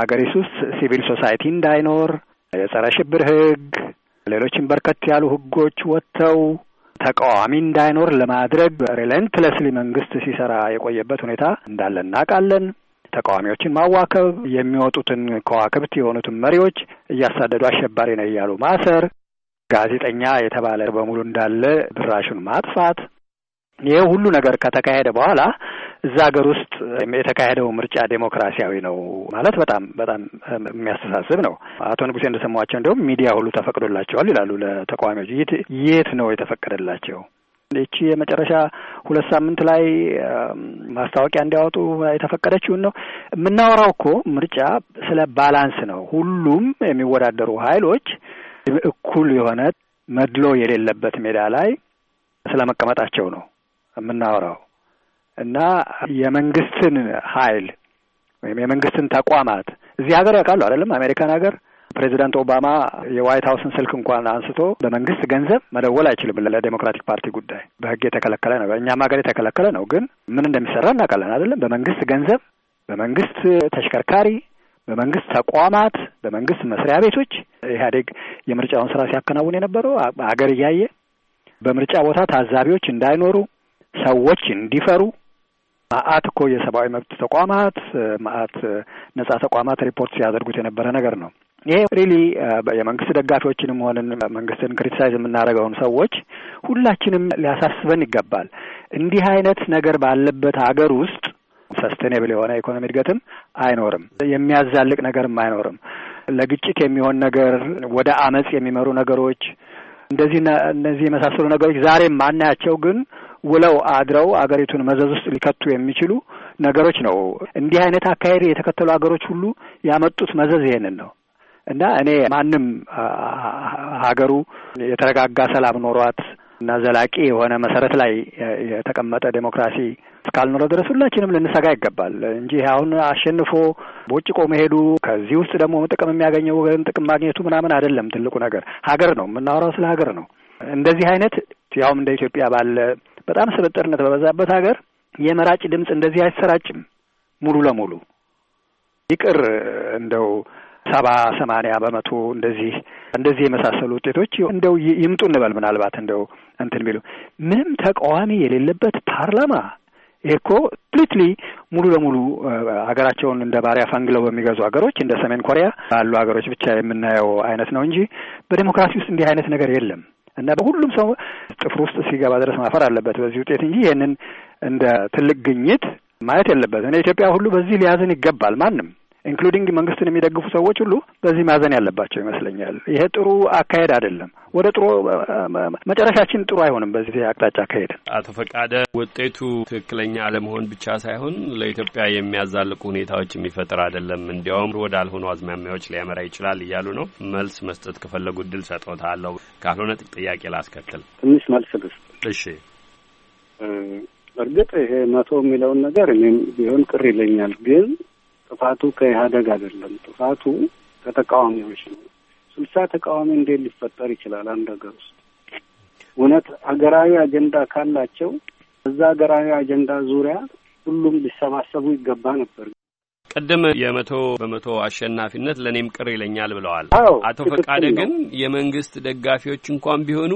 አገሪቱ ውስጥ ሲቪል ሶሳይቲ እንዳይኖር የጸረ ሽብር ህግ ሌሎችም በርከት ያሉ ህጎች ወጥተው ተቃዋሚ እንዳይኖር ለማድረግ ሬሌንትለስሊ መንግስት ሲሰራ የቆየበት ሁኔታ እንዳለ እናውቃለን። ተቃዋሚዎችን ማዋከብ፣ የሚወጡትን ከዋክብት የሆኑትን መሪዎች እያሳደዱ አሸባሪ ነው እያሉ ማሰር፣ ጋዜጠኛ የተባለ በሙሉ እንዳለ ድራሹን ማጥፋት፣ ይህ ሁሉ ነገር ከተካሄደ በኋላ እዛ ሀገር ውስጥ የተካሄደው ምርጫ ዴሞክራሲያዊ ነው ማለት በጣም በጣም የሚያስተሳስብ ነው። አቶ ንጉሴ እንደሰማቸው እንዲሁም ሚዲያ ሁሉ ተፈቅዶላቸዋል ይላሉ ለተቃዋሚዎች። የት ነው የተፈቀደላቸው? ይቺ የመጨረሻ ሁለት ሳምንት ላይ ማስታወቂያ እንዲያወጡ የተፈቀደችውን ነው የምናወራው እኮ። ምርጫ ስለ ባላንስ ነው። ሁሉም የሚወዳደሩ ኃይሎች እኩል የሆነ መድሎ የሌለበት ሜዳ ላይ ስለ መቀመጣቸው ነው የምናወራው። እና የመንግስትን ኃይል ወይም የመንግስትን ተቋማት እዚህ ሀገር ያውቃሉ አይደለም አሜሪካን ሀገር ፕሬዚዳንት ኦባማ የዋይት ሀውስን ስልክ እንኳን አንስቶ በመንግስት ገንዘብ መደወል አይችልም ለዴሞክራቲክ ፓርቲ ጉዳይ በህግ የተከለከለ ነው። እኛም ሀገር የተከለከለ ነው። ግን ምን እንደሚሰራ እናውቃለን አይደለም። በመንግስት ገንዘብ፣ በመንግስት ተሽከርካሪ፣ በመንግስት ተቋማት፣ በመንግስት መስሪያ ቤቶች ኢህአዴግ የምርጫውን ስራ ሲያከናውን የነበረው አገር እያየ በምርጫ ቦታ ታዛቢዎች እንዳይኖሩ ሰዎች እንዲፈሩ መአት እኮ የሰብአዊ መብት ተቋማት መአት ነጻ ተቋማት ሪፖርት ሲያደርጉት የነበረ ነገር ነው። ይሄ ሪሊ የመንግስት ደጋፊዎችንም ሆንን መንግስትን ክሪቲሳይዝ የምናደርገውን ሰዎች ሁላችንም ሊያሳስበን ይገባል። እንዲህ አይነት ነገር ባለበት ሀገር ውስጥ ሰስቴኔብል የሆነ ኢኮኖሚ እድገትም አይኖርም። የሚያዛልቅ ነገርም አይኖርም። ለግጭት የሚሆን ነገር፣ ወደ አመጽ የሚመሩ ነገሮች እንደዚህ እነዚህ የመሳሰሉ ነገሮች ዛሬም ማናያቸው ግን ውለው አድረው አገሪቱን መዘዝ ውስጥ ሊከቱ የሚችሉ ነገሮች ነው። እንዲህ አይነት አካሄድ የተከተሉ አገሮች ሁሉ ያመጡት መዘዝ ይሄንን ነው እና እኔ ማንም ሀገሩ የተረጋጋ ሰላም ኖሯት እና ዘላቂ የሆነ መሰረት ላይ የተቀመጠ ዴሞክራሲ እስካልኖረ ድረስ ሁላችንም ልንሰጋ ይገባል እንጂ አሁን አሸንፎ ቦጭቆ መሄዱ ከዚህ ውስጥ ደግሞ ጥቅም የሚያገኘው ወገን ጥቅም ማግኘቱ ምናምን አይደለም። ትልቁ ነገር ሀገር ነው። የምናወራው ስለ ሀገር ነው። እንደዚህ አይነት ያውም እንደ ኢትዮጵያ ባለ በጣም ስብጥርነት በበዛበት ሀገር የመራጭ ድምፅ እንደዚህ አይሰራጭም ሙሉ ለሙሉ ይቅር እንደው ሰባ ሰማንያ በመቶ እንደዚህ እንደዚህ የመሳሰሉ ውጤቶች እንደው ይምጡ እንበል። ምናልባት እንደው እንትን ቢሉ ምንም ተቃዋሚ የሌለበት ፓርላማ ይህ እኮ ፕሊትሊ ሙሉ ለሙሉ ሀገራቸውን እንደ ባሪያ ፈንግለው በሚገዙ ሀገሮች እንደ ሰሜን ኮሪያ ባሉ ሀገሮች ብቻ የምናየው አይነት ነው እንጂ በዴሞክራሲ ውስጥ እንዲህ አይነት ነገር የለም። እና በሁሉም ሰው ጥፍር ውስጥ ሲገባ ድረስ ማፈር አለበት በዚህ ውጤት እንጂ ይህንን እንደ ትልቅ ግኝት ማየት የለበት። እኔ ኢትዮጵያ ሁሉ በዚህ ሊያዝን ይገባል። ማንም ኢንክሉዲንግ መንግስትን የሚደግፉ ሰዎች ሁሉ በዚህ ማዘን ያለባቸው ይመስለኛል። ይሄ ጥሩ አካሄድ አይደለም። ወደ ጥሩ መጨረሻችን ጥሩ አይሆንም። በዚህ አቅጣጫ አካሄድ አቶ ፈቃደ ውጤቱ ትክክለኛ አለመሆን ብቻ ሳይሆን ለኢትዮጵያ የሚያዛልቁ ሁኔታዎች የሚፈጥር አይደለም፣ እንዲያውም ወደ አልሆኑ አዝማሚያዎች ሊያመራ ይችላል እያሉ ነው። መልስ መስጠት ከፈለጉ ድል ሰጥዎታለሁ፣ ካልሆነ ጥያቄ ላስከትል። ትንሽ መልስ ልስጥ። እሺ እርግጥ ይሄ መቶ የሚለውን ነገር እኔም ቢሆን ቅር ይለኛል ግን ጥፋቱ ከኢህአደግ አይደለም። ጥፋቱ ከተቃዋሚዎች ነው። ስልሳ ተቃዋሚ እንዴት ሊፈጠር ይችላል? አንድ ሀገር ውስጥ እውነት ሀገራዊ አጀንዳ ካላቸው እዛ ሀገራዊ አጀንዳ ዙሪያ ሁሉም ሊሰባሰቡ ይገባ ነበር። ቅድም የመቶ በመቶ አሸናፊነት ለእኔም ቅር ይለኛል ብለዋል አቶ ፈቃደ። ግን የመንግስት ደጋፊዎች እንኳን ቢሆኑ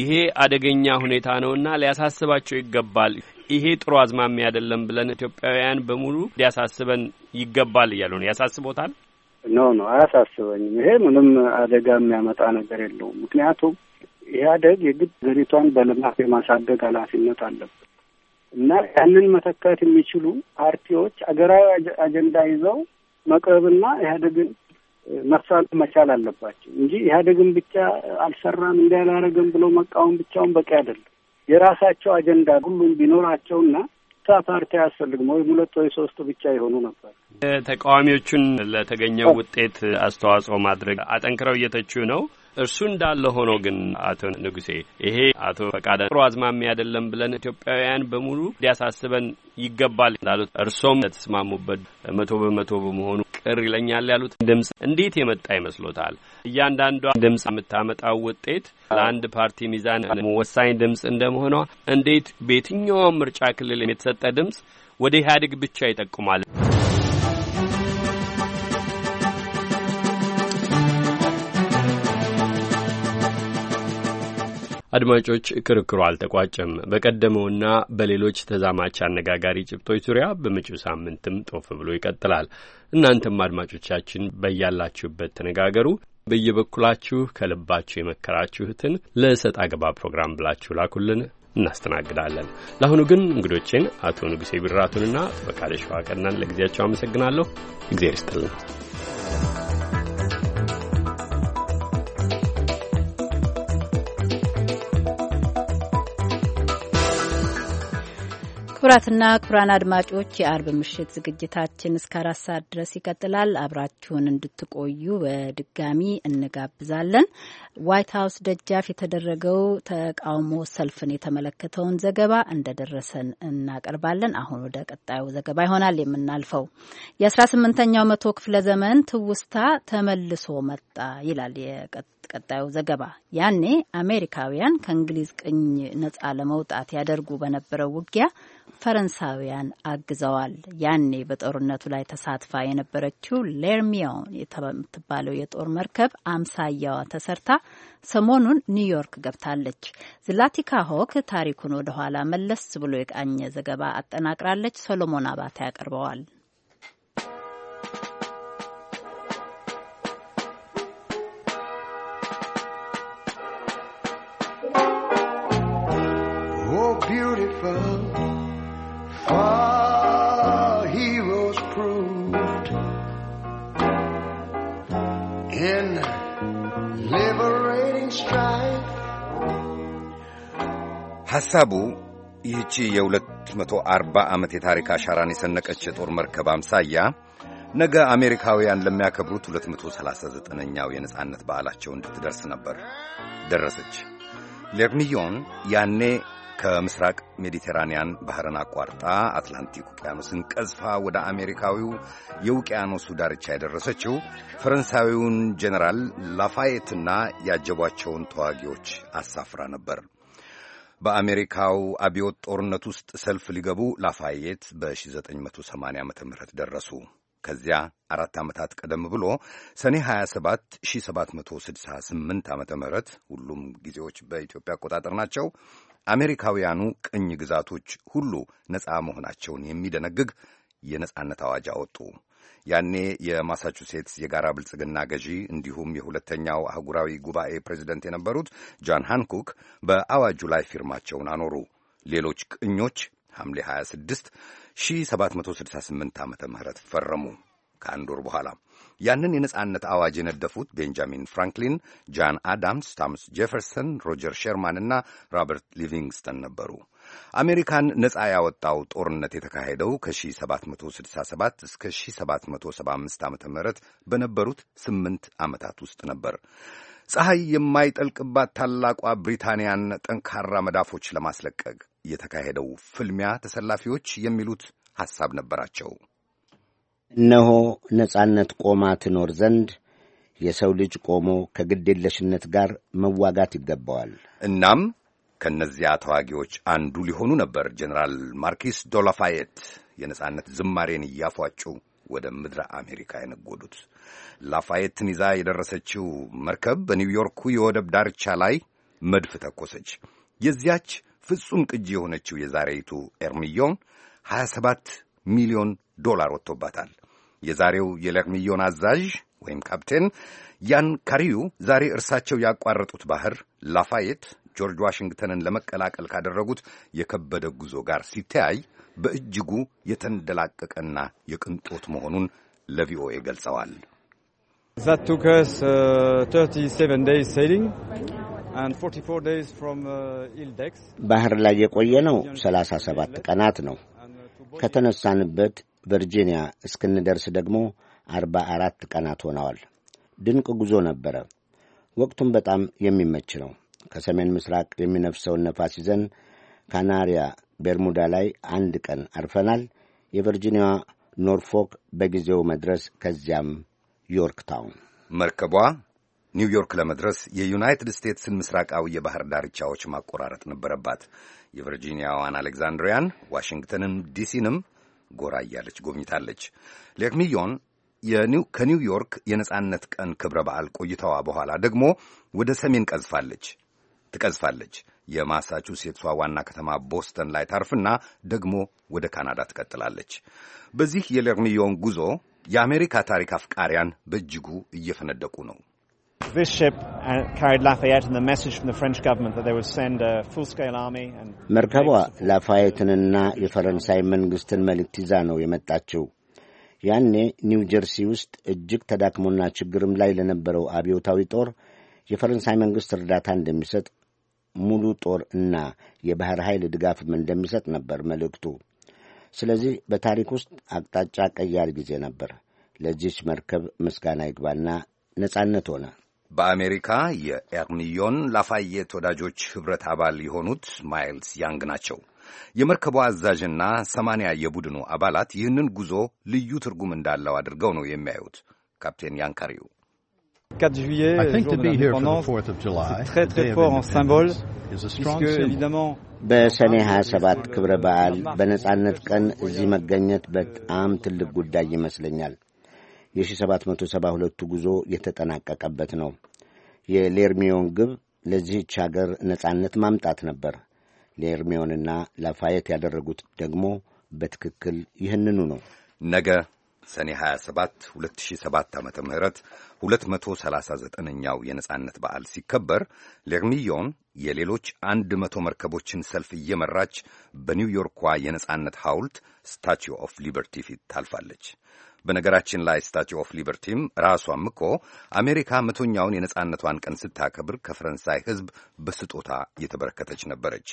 ይሄ አደገኛ ሁኔታ ነውና ሊያሳስባቸው ይገባል ይሄ ጥሩ አዝማሚያ አይደለም ብለን ኢትዮጵያውያን በሙሉ ሊያሳስበን ይገባል እያሉ ነው። ያሳስቦታል? ኖ ኖ አያሳስበኝም። ይሄ ምንም አደጋ የሚያመጣ ነገር የለውም። ምክንያቱም ኢህአደግ የግድ ሀገሪቷን በልማት የማሳደግ ኃላፊነት አለበት እና ያንን መተካት የሚችሉ ፓርቲዎች አገራዊ አጀንዳ ይዘው መቅረብና ኢህአደግን መፍሳት መቻል አለባቸው እንጂ ኢህአደግን ብቻ አልሰራም እንዲህ አላረገም ብለው መቃወም ብቻውን በቂ አይደለም። የራሳቸው አጀንዳ ሁሉም ቢኖራቸውና ታ ፓርቲ አያስፈልግም ወይም ሁለት ወይ ሶስት ብቻ የሆኑ ነበር። ተቃዋሚዎቹን ለተገኘው ውጤት አስተዋጽኦ ማድረግ አጠንክረው እየተቹ ነው። እርሱ እንዳለ ሆኖ ግን አቶ ንጉሴ ይሄ አቶ ፈቃደ ጥሩ አዝማሚ አይደለም ብለን ኢትዮጵያውያን በሙሉ ሊያሳስበን ይገባል እንዳሉት እርሶም ለተስማሙበት መቶ በመቶ በመሆኑ ቅር ይለኛል ያሉት ድምጽ እንዴት የመጣ ይመስሎታል? እያንዳንዷ ድምጽ የምታመጣው ውጤት ለአንድ ፓርቲ ሚዛን ወሳኝ ድምጽ እንደመሆኗ እንዴት በየትኛውም ምርጫ ክልል የተሰጠ ድምጽ ወደ ኢህአዴግ ብቻ ይጠቁማል? አድማጮች ክርክሩ አልተቋጨም። በቀደመውና በሌሎች ተዛማች አነጋጋሪ ጭብጦች ዙሪያ በመጪው ሳምንትም ጦፍ ብሎ ይቀጥላል። እናንተም አድማጮቻችን በያላችሁበት ተነጋገሩ። በየበኩላችሁ ከልባችሁ የመከራችሁትን ለእሰጥ አገባ ፕሮግራም ብላችሁ ላኩልን፣ እናስተናግዳለን። ለአሁኑ ግን እንግዶቼን አቶ ንጉሴ ቢራቱንና አቶ ዋቀናን ለጊዜያቸው አመሰግናለሁ። እግዜር ይስጥልን። ክቡራትና ክቡራን አድማጮች የአርብ ምሽት ዝግጅታችን እስከ አራት ሰዓት ድረስ ይቀጥላል። አብራችሁን እንድትቆዩ በድጋሚ እንጋብዛለን። ዋይት ሀውስ ደጃፍ የተደረገው ተቃውሞ ሰልፍን የተመለከተውን ዘገባ እንደደረሰን እናቀርባለን። አሁን ወደ ቀጣዩ ዘገባ ይሆናል የምናልፈው። የአስራ ስምንተኛው መቶ ክፍለ ዘመን ትውስታ ተመልሶ መጣ ይላል ቀጣዩ ዘገባ። ያኔ አሜሪካውያን ከእንግሊዝ ቅኝ ነጻ ለመውጣት ያደርጉ በነበረው ውጊያ ፈረንሳውያን አግዘዋል። ያኔ በጦርነቱ ላይ ተሳትፋ የነበረችው ሌርሚዮን የምትባለው የጦር መርከብ አምሳያዋ ተሰርታ ሰሞኑን ኒውዮርክ ገብታለች። ዝላቲካ ሆክ ታሪኩን ወደኋላ መለስ ብሎ የቃኘ ዘገባ አጠናቅራለች። ሶሎሞን አባተ ያቀርበዋል። ሐሳቡ ይህቺ የ240 ዓመት የታሪክ አሻራን የሰነቀች የጦር መርከብ አምሳያ ነገ አሜሪካውያን ለሚያከብሩት 239ኛው የነጻነት በዓላቸው እንድትደርስ ነበር። ደረሰች። ሌርሚዮን ያኔ ከምስራቅ ሜዲቴራንያን ባሕርን አቋርጣ አትላንቲክ ውቅያኖስን ቀዝፋ ወደ አሜሪካዊው የውቅያኖሱ ዳርቻ የደረሰችው ፈረንሳዊውን ጀኔራል ላፋየትና ያጀቧቸውን ተዋጊዎች አሳፍራ ነበር። በአሜሪካው አብዮት ጦርነት ውስጥ ሰልፍ ሊገቡ ላፋየት በ1980 ዓ ም ደረሱ። ከዚያ አራት ዓመታት ቀደም ብሎ ሰኔ 27 1768 ዓ ም ሁሉም ጊዜዎች በኢትዮጵያ አቆጣጠር ናቸው። አሜሪካውያኑ ቅኝ ግዛቶች ሁሉ ነፃ መሆናቸውን የሚደነግግ የነጻነት አዋጅ አወጡ። ያኔ የማሳቹሴትስ የጋራ ብልጽግና ገዢ እንዲሁም የሁለተኛው አህጉራዊ ጉባኤ ፕሬዚደንት የነበሩት ጃን ሃንኩክ በአዋጁ ላይ ፊርማቸውን አኖሩ። ሌሎች ቅኞች ሐምሌ 26 1768 ዓ ም ፈረሙ። ከአንድ ወር በኋላ ያንን የነጻነት አዋጅ የነደፉት ቤንጃሚን ፍራንክሊን፣ ጃን አዳምስ፣ ታምስ ጄፈርሰን፣ ሮጀር ሼርማን እና ሮበርት ሊቪንግስተን ነበሩ። አሜሪካን ነጻ ያወጣው ጦርነት የተካሄደው ከ1767 እስከ 1775 ዓ ም በነበሩት ስምንት ዓመታት ውስጥ ነበር። ፀሐይ የማይጠልቅባት ታላቋ ብሪታንያን ጠንካራ መዳፎች ለማስለቀቅ የተካሄደው ፍልሚያ ተሰላፊዎች የሚሉት ሐሳብ ነበራቸው። እነሆ ነጻነት ቆማ ትኖር ዘንድ የሰው ልጅ ቆሞ ከግድ የለሽነት ጋር መዋጋት ይገባዋል። እናም ከእነዚያ ተዋጊዎች አንዱ ሊሆኑ ነበር ጀኔራል ማርኪስ ዶላፋየት የነጻነት ዝማሬን እያፏጩ ወደ ምድረ አሜሪካ የነጎዱት። ላፋየትን ይዛ የደረሰችው መርከብ በኒውዮርኩ የወደብ ዳርቻ ላይ መድፍ ተኮሰች። የዚያች ፍጹም ቅጂ የሆነችው የዛሬይቱ ኤርሚዮን 27 ሚሊዮን ዶላር ወጥቶባታል። የዛሬው የኤርሚዮን አዛዥ ወይም ካፕቴን ያን ካሪዩ ዛሬ እርሳቸው ያቋረጡት ባህር ላፋየት ጆርጅ ዋሽንግተንን ለመቀላቀል ካደረጉት የከበደ ጉዞ ጋር ሲተያይ በእጅጉ የተንደላቀቀና የቅንጦት መሆኑን ለቪኦኤ ገልጸዋል። uh, uh, ባህር ላይ የቆየነው 37 uh, ቀናት ነው። ከተነሳንበት ቨርጂኒያ እስክንደርስ ደግሞ 44 ቀናት ሆነዋል። ድንቅ ጉዞ ነበረ። ወቅቱም በጣም የሚመች ነው። ከሰሜን ምስራቅ የሚነፍሰውን ነፋስ ይዘን ካናሪያ ቤርሙዳ ላይ አንድ ቀን አርፈናል። የቨርጂኒያ ኖርፎክ በጊዜው መድረስ ከዚያም ዮርክ ታውን መርከቧ ኒውዮርክ ለመድረስ የዩናይትድ ስቴትስን ምስራቃዊ የባህር ዳርቻዎች ማቆራረጥ ነበረባት። የቨርጂኒያዋን አሌግዛንድሪያን፣ ዋሽንግተንን፣ ዲሲንም ጎራ እያለች ጎብኝታለች። ሌክሚዮን ከኒውዮርክ የነጻነት ቀን ክብረ በዓል ቆይታዋ በኋላ ደግሞ ወደ ሰሜን ቀዝፋለች። ትቀዝፋለች። የማሳቹሴትሷ ዋና ከተማ ቦስተን ላይ ታርፍና ደግሞ ወደ ካናዳ ትቀጥላለች። በዚህ የሌርኒዮን ጉዞ የአሜሪካ ታሪክ አፍቃሪያን በእጅጉ እየፈነደቁ ነው። uh, መርከቧ ላፋየትንና የፈረንሳይ መንግሥትን መልእክት ይዛ ነው የመጣችው። ያኔ ኒው ጀርሲ ውስጥ እጅግ ተዳክሞና ችግርም ላይ ለነበረው አብዮታዊ ጦር የፈረንሳይ መንግሥት እርዳታ እንደሚሰጥ ሙሉ ጦር እና የባህር ኃይል ድጋፍም እንደሚሰጥ ነበር መልእክቱ። ስለዚህ በታሪክ ውስጥ አቅጣጫ ቀያሪ ጊዜ ነበር። ለዚች መርከብ ምስጋና ይግባና ነጻነት ሆነ። በአሜሪካ የኤርሚዮን ላፋየት ወዳጆች ኅብረት አባል የሆኑት ማይልስ ያንግ ናቸው። የመርከቧ አዛዥና ሰማንያ የቡድኑ አባላት ይህንን ጉዞ ልዩ ትርጉም እንዳለው አድርገው ነው የሚያዩት። ካፕቴን ያንካሪው 4 juillet, le jour de l'indépendance, c'est très très fort en symbole, puisque évidemment... በሰኔ 27 ክብረ በዓል በነጻነት ቀን እዚህ መገኘት በጣም ትልቅ ጉዳይ ይመስለኛል። የ1772ቱ ጉዞ የተጠናቀቀበት ነው። የሌርሚዮን ግብ ለዚህች አገር ነጻነት ማምጣት ነበር። ሌርሚዮንና ላፋየት ያደረጉት ደግሞ በትክክል ይህንኑ ነው። ነገ ሰኔ 27 2007 ዓ ም 239ኛው የነጻነት በዓል ሲከበር ሌርሚዮን የሌሎች 100 መርከቦችን ሰልፍ እየመራች በኒውዮርኳ የነጻነት ሐውልት ስታቹ ኦፍ ሊበርቲ ፊት ታልፋለች። በነገራችን ላይ ስታቹ ኦፍ ሊበርቲም ራሷም እኮ አሜሪካ መቶኛውን የነጻነቷን ቀን ስታከብር ከፈረንሳይ ሕዝብ በስጦታ እየተበረከተች ነበረች።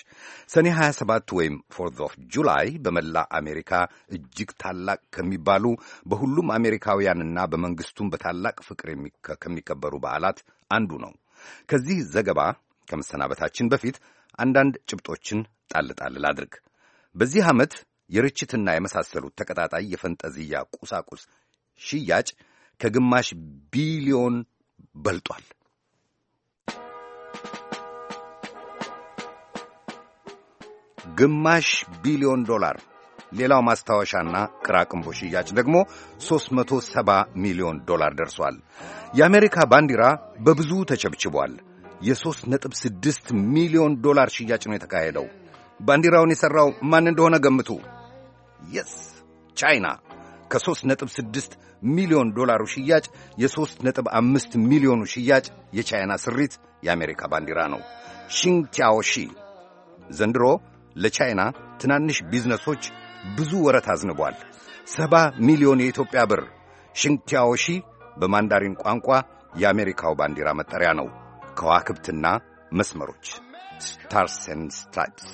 ሰኔ 27 ወይም ፎርዝ ኦፍ ጁላይ በመላ አሜሪካ እጅግ ታላቅ ከሚባሉ በሁሉም አሜሪካውያንና በመንግስቱም በታላቅ ፍቅር ከሚከበሩ በዓላት አንዱ ነው። ከዚህ ዘገባ ከመሰናበታችን በፊት አንዳንድ ጭብጦችን ጣልጣል አድርግ። በዚህ ዓመት የርችትና የመሳሰሉት ተቀጣጣይ የፈንጠዚያ ቁሳቁስ ሽያጭ ከግማሽ ቢሊዮን በልጧል። ግማሽ ቢሊዮን ዶላር። ሌላው ማስታወሻና ቅራቅንቦ ሽያጭ ደግሞ 370 ሚሊዮን ዶላር ደርሷል። የአሜሪካ ባንዲራ በብዙ ተቸብችቧል። የ3.6 ሚሊዮን ዶላር ሽያጭ ነው የተካሄደው። ባንዲራውን የሠራው ማን እንደሆነ ገምቱ። የስ ቻይና ከ3.6 ሚሊዮን ዶላሩ ሽያጭ የ3.5 ሚሊዮኑ ሽያጭ የቻይና ስሪት የአሜሪካ ባንዲራ ነው። ሺንግቲያዎሺ ዘንድሮ ለቻይና ትናንሽ ቢዝነሶች ብዙ ወረት አዝንቧል። ሰባ ሚሊዮን የኢትዮጵያ ብር ሺንግቲያዎሺ በማንዳሪን ቋንቋ የአሜሪካው ባንዲራ መጠሪያ ነው። ከዋክብትና መስመሮች ስታርስ ኤንድ ስትራይፕስ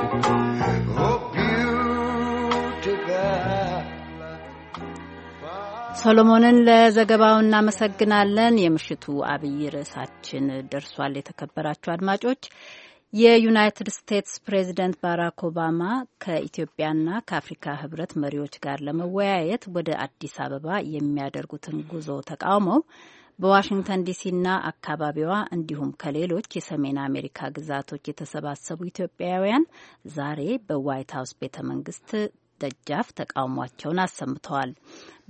ሰሎሞንን ለዘገባው እናመሰግናለን። የምሽቱ አብይ ርዕሳችን ደርሷል። የተከበራችሁ አድማጮች የዩናይትድ ስቴትስ ፕሬዚደንት ባራክ ኦባማ ከኢትዮጵያና ከአፍሪካ ህብረት መሪዎች ጋር ለመወያየት ወደ አዲስ አበባ የሚያደርጉትን ጉዞ ተቃውመው በዋሽንግተን ዲሲና አካባቢዋ እንዲሁም ከሌሎች የሰሜን አሜሪካ ግዛቶች የተሰባሰቡ ኢትዮጵያውያን ዛሬ በዋይት ሀውስ ቤተ መንግስት ደጃፍ ተቃውሟቸውን አሰምተዋል።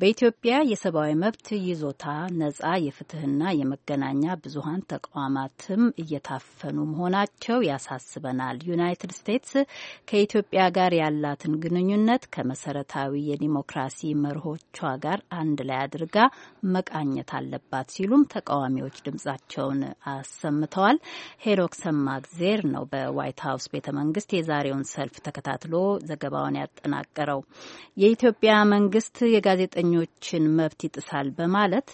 በኢትዮጵያ የሰብአዊ መብት ይዞታ ነጻ የፍትህና የመገናኛ ብዙሀን ተቋማትም እየታፈኑ መሆናቸው ያሳስበናል። ዩናይትድ ስቴትስ ከኢትዮጵያ ጋር ያላትን ግንኙነት ከመሰረታዊ የዲሞክራሲ መርሆቿ ጋር አንድ ላይ አድርጋ መቃኘት አለባት ሲሉም ተቃዋሚዎች ድምጻቸውን አሰምተዋል። ሄኖክ ሰማግዜር ነው በዋይት ሀውስ ቤተ መንግስት የዛሬውን ሰልፍ ተከታትሎ ዘገባውን ያጠናቀረው። የኢትዮጵያ መንግስት የጋዜጠ የጋዜጠኞችን መብት ይጥሳል በማለት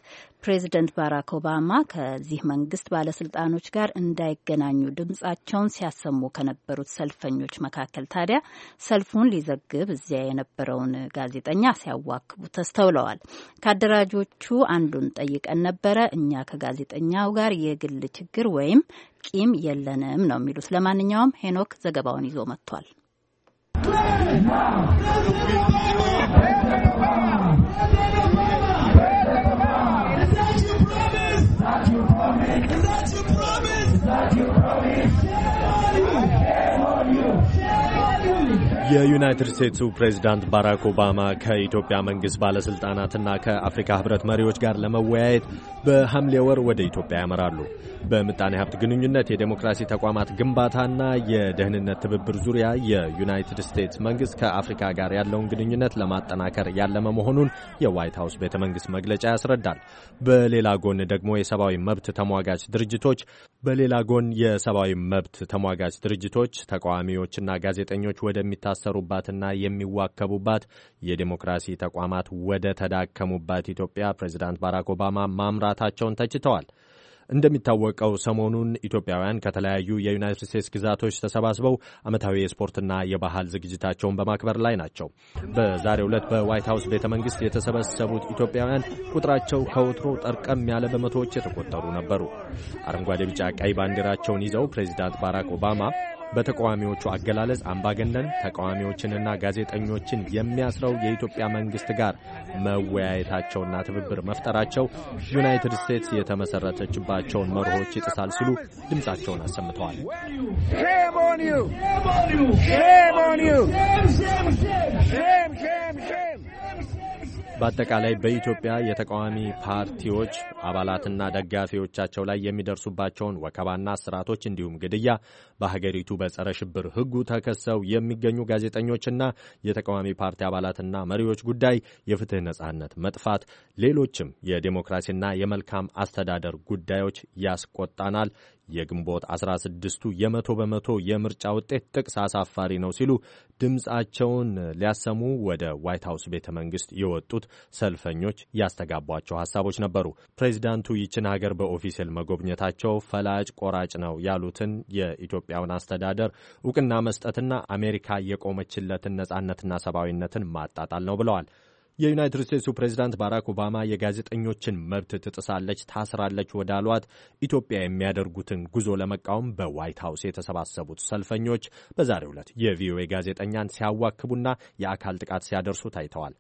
ፕሬዚደንት ባራክ ኦባማ ከዚህ መንግስት ባለስልጣኖች ጋር እንዳይገናኙ ድምጻቸውን ሲያሰሙ ከነበሩት ሰልፈኞች መካከል ታዲያ ሰልፉን ሊዘግብ እዚያ የነበረውን ጋዜጠኛ ሲያዋክቡ ተስተውለዋል። ከአደራጆቹ አንዱን ጠይቀን ነበረ። እኛ ከጋዜጠኛው ጋር የግል ችግር ወይም ቂም የለንም ነው የሚሉት። ለማንኛውም ሄኖክ ዘገባውን ይዞ መጥቷል። የዩናይትድ ስቴትሱ ፕሬዚዳንት ባራክ ኦባማ ከኢትዮጵያ መንግሥት ባለሥልጣናትና ከአፍሪካ ኅብረት መሪዎች ጋር ለመወያየት በሐምሌ ወር ወደ ኢትዮጵያ ያመራሉ። በምጣኔ ሀብት ግንኙነት፣ የዴሞክራሲ ተቋማት ግንባታና የደህንነት ትብብር ዙሪያ የዩናይትድ ስቴትስ መንግሥት ከአፍሪካ ጋር ያለውን ግንኙነት ለማጠናከር ያለመ መሆኑን የዋይት ሀውስ ቤተ መንግሥት መግለጫ ያስረዳል። በሌላ ጎን ደግሞ የሰብአዊ መብት ተሟጋች ድርጅቶች በሌላ ጎን የሰብአዊ መብት ተሟጋች ድርጅቶች ተቃዋሚዎችና ጋዜጠኞች ወደሚታሰሩባትና የሚዋከቡባት የዴሞክራሲ ተቋማት ወደ ተዳከሙባት ኢትዮጵያ ፕሬዚዳንት ባራክ ኦባማ ማምራታቸውን ተችተዋል። እንደሚታወቀው ሰሞኑን ኢትዮጵያውያን ከተለያዩ የዩናይትድ ስቴትስ ግዛቶች ተሰባስበው ዓመታዊ የስፖርትና የባህል ዝግጅታቸውን በማክበር ላይ ናቸው። በዛሬው ዕለት በዋይት ሀውስ ቤተ መንግስት የተሰበሰቡት ኢትዮጵያውያን ቁጥራቸው ከወትሮ ጠርቀም ያለ በመቶዎች የተቆጠሩ ነበሩ። አረንጓዴ፣ ቢጫ፣ ቀይ ባንዲራቸውን ይዘው ፕሬዚዳንት ባራክ ኦባማ በተቃዋሚዎቹ አገላለጽ አምባገነን ተቃዋሚዎችንና ጋዜጠኞችን የሚያስረው የኢትዮጵያ መንግስት ጋር መወያየታቸውና ትብብር መፍጠራቸው ዩናይትድ ስቴትስ የተመሰረተችባቸውን መርሆች ይጥሳል ሲሉ ድምፃቸውን አሰምተዋል። በአጠቃላይ በኢትዮጵያ የተቃዋሚ ፓርቲዎች አባላትና ደጋፊዎቻቸው ላይ የሚደርሱባቸውን ወከባና ስርዓቶች እንዲሁም ግድያ በሀገሪቱ በጸረ ሽብር ሕጉ ተከሰው የሚገኙ ጋዜጠኞችና የተቃዋሚ ፓርቲ አባላትና መሪዎች ጉዳይ፣ የፍትህ ነጻነት መጥፋት፣ ሌሎችም የዴሞክራሲና የመልካም አስተዳደር ጉዳዮች ያስቆጣናል። የግንቦት 16ቱ የመቶ በመቶ የምርጫ ውጤት ጥቅስ አሳፋሪ ነው ሲሉ ድምፃቸውን ሊያሰሙ ወደ ዋይት ሀውስ ቤተ መንግስት የወጡት ሰልፈኞች ያስተጋቧቸው ሀሳቦች ነበሩ። ፕሬዚዳንቱ ይችን ሀገር በኦፊሴል መጎብኘታቸው ፈላጭ ቆራጭ ነው ያሉትን የኢትዮጵያውን አስተዳደር እውቅና መስጠትና አሜሪካ የቆመችለትን ነጻነትና ሰብአዊነትን ማጣጣል ነው ብለዋል። የዩናይትድ ስቴትሱ ፕሬዚዳንት ባራክ ኦባማ የጋዜጠኞችን መብት ትጥሳለች፣ ታስራለች ወዳሏት ኢትዮጵያ የሚያደርጉትን ጉዞ ለመቃወም በዋይት ሀውስ የተሰባሰቡት ሰልፈኞች በዛሬው ዕለት የቪኦኤ ጋዜጠኛን ሲያዋክቡና የአካል ጥቃት ሲያደርሱ ታይተዋል።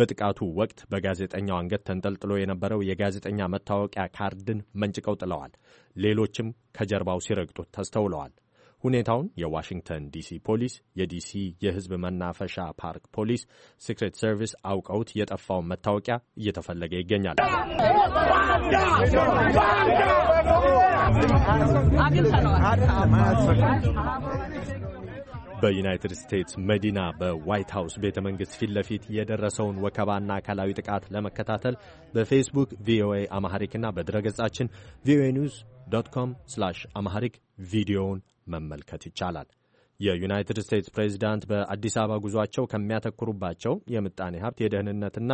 በጥቃቱ ወቅት በጋዜጠኛው አንገት ተንጠልጥሎ የነበረው የጋዜጠኛ መታወቂያ ካርድን መንጭቀው ጥለዋል። ሌሎችም ከጀርባው ሲረግጡት ተስተውለዋል። ሁኔታውን የዋሽንግተን ዲሲ ፖሊስ፣ የዲሲ የህዝብ መናፈሻ ፓርክ ፖሊስ፣ ሲክሬት ሰርቪስ አውቀውት የጠፋውን መታወቂያ እየተፈለገ ይገኛል። በዩናይትድ ስቴትስ መዲና በዋይት ሀውስ ቤተ መንግሥት ፊት ለፊት የደረሰውን ወከባና አካላዊ ጥቃት ለመከታተል በፌስቡክ ቪኦኤ አማሐሪክና በድረገጻችን ቪኦኤ ኒውስ ዶት ኮም ስላሽ አማሐሪክ ቪዲዮውን መመልከት ይቻላል። የዩናይትድ ስቴትስ ፕሬዚዳንት በአዲስ አበባ ጉዟቸው ከሚያተኩሩባቸው የምጣኔ ሀብት፣ የደህንነትና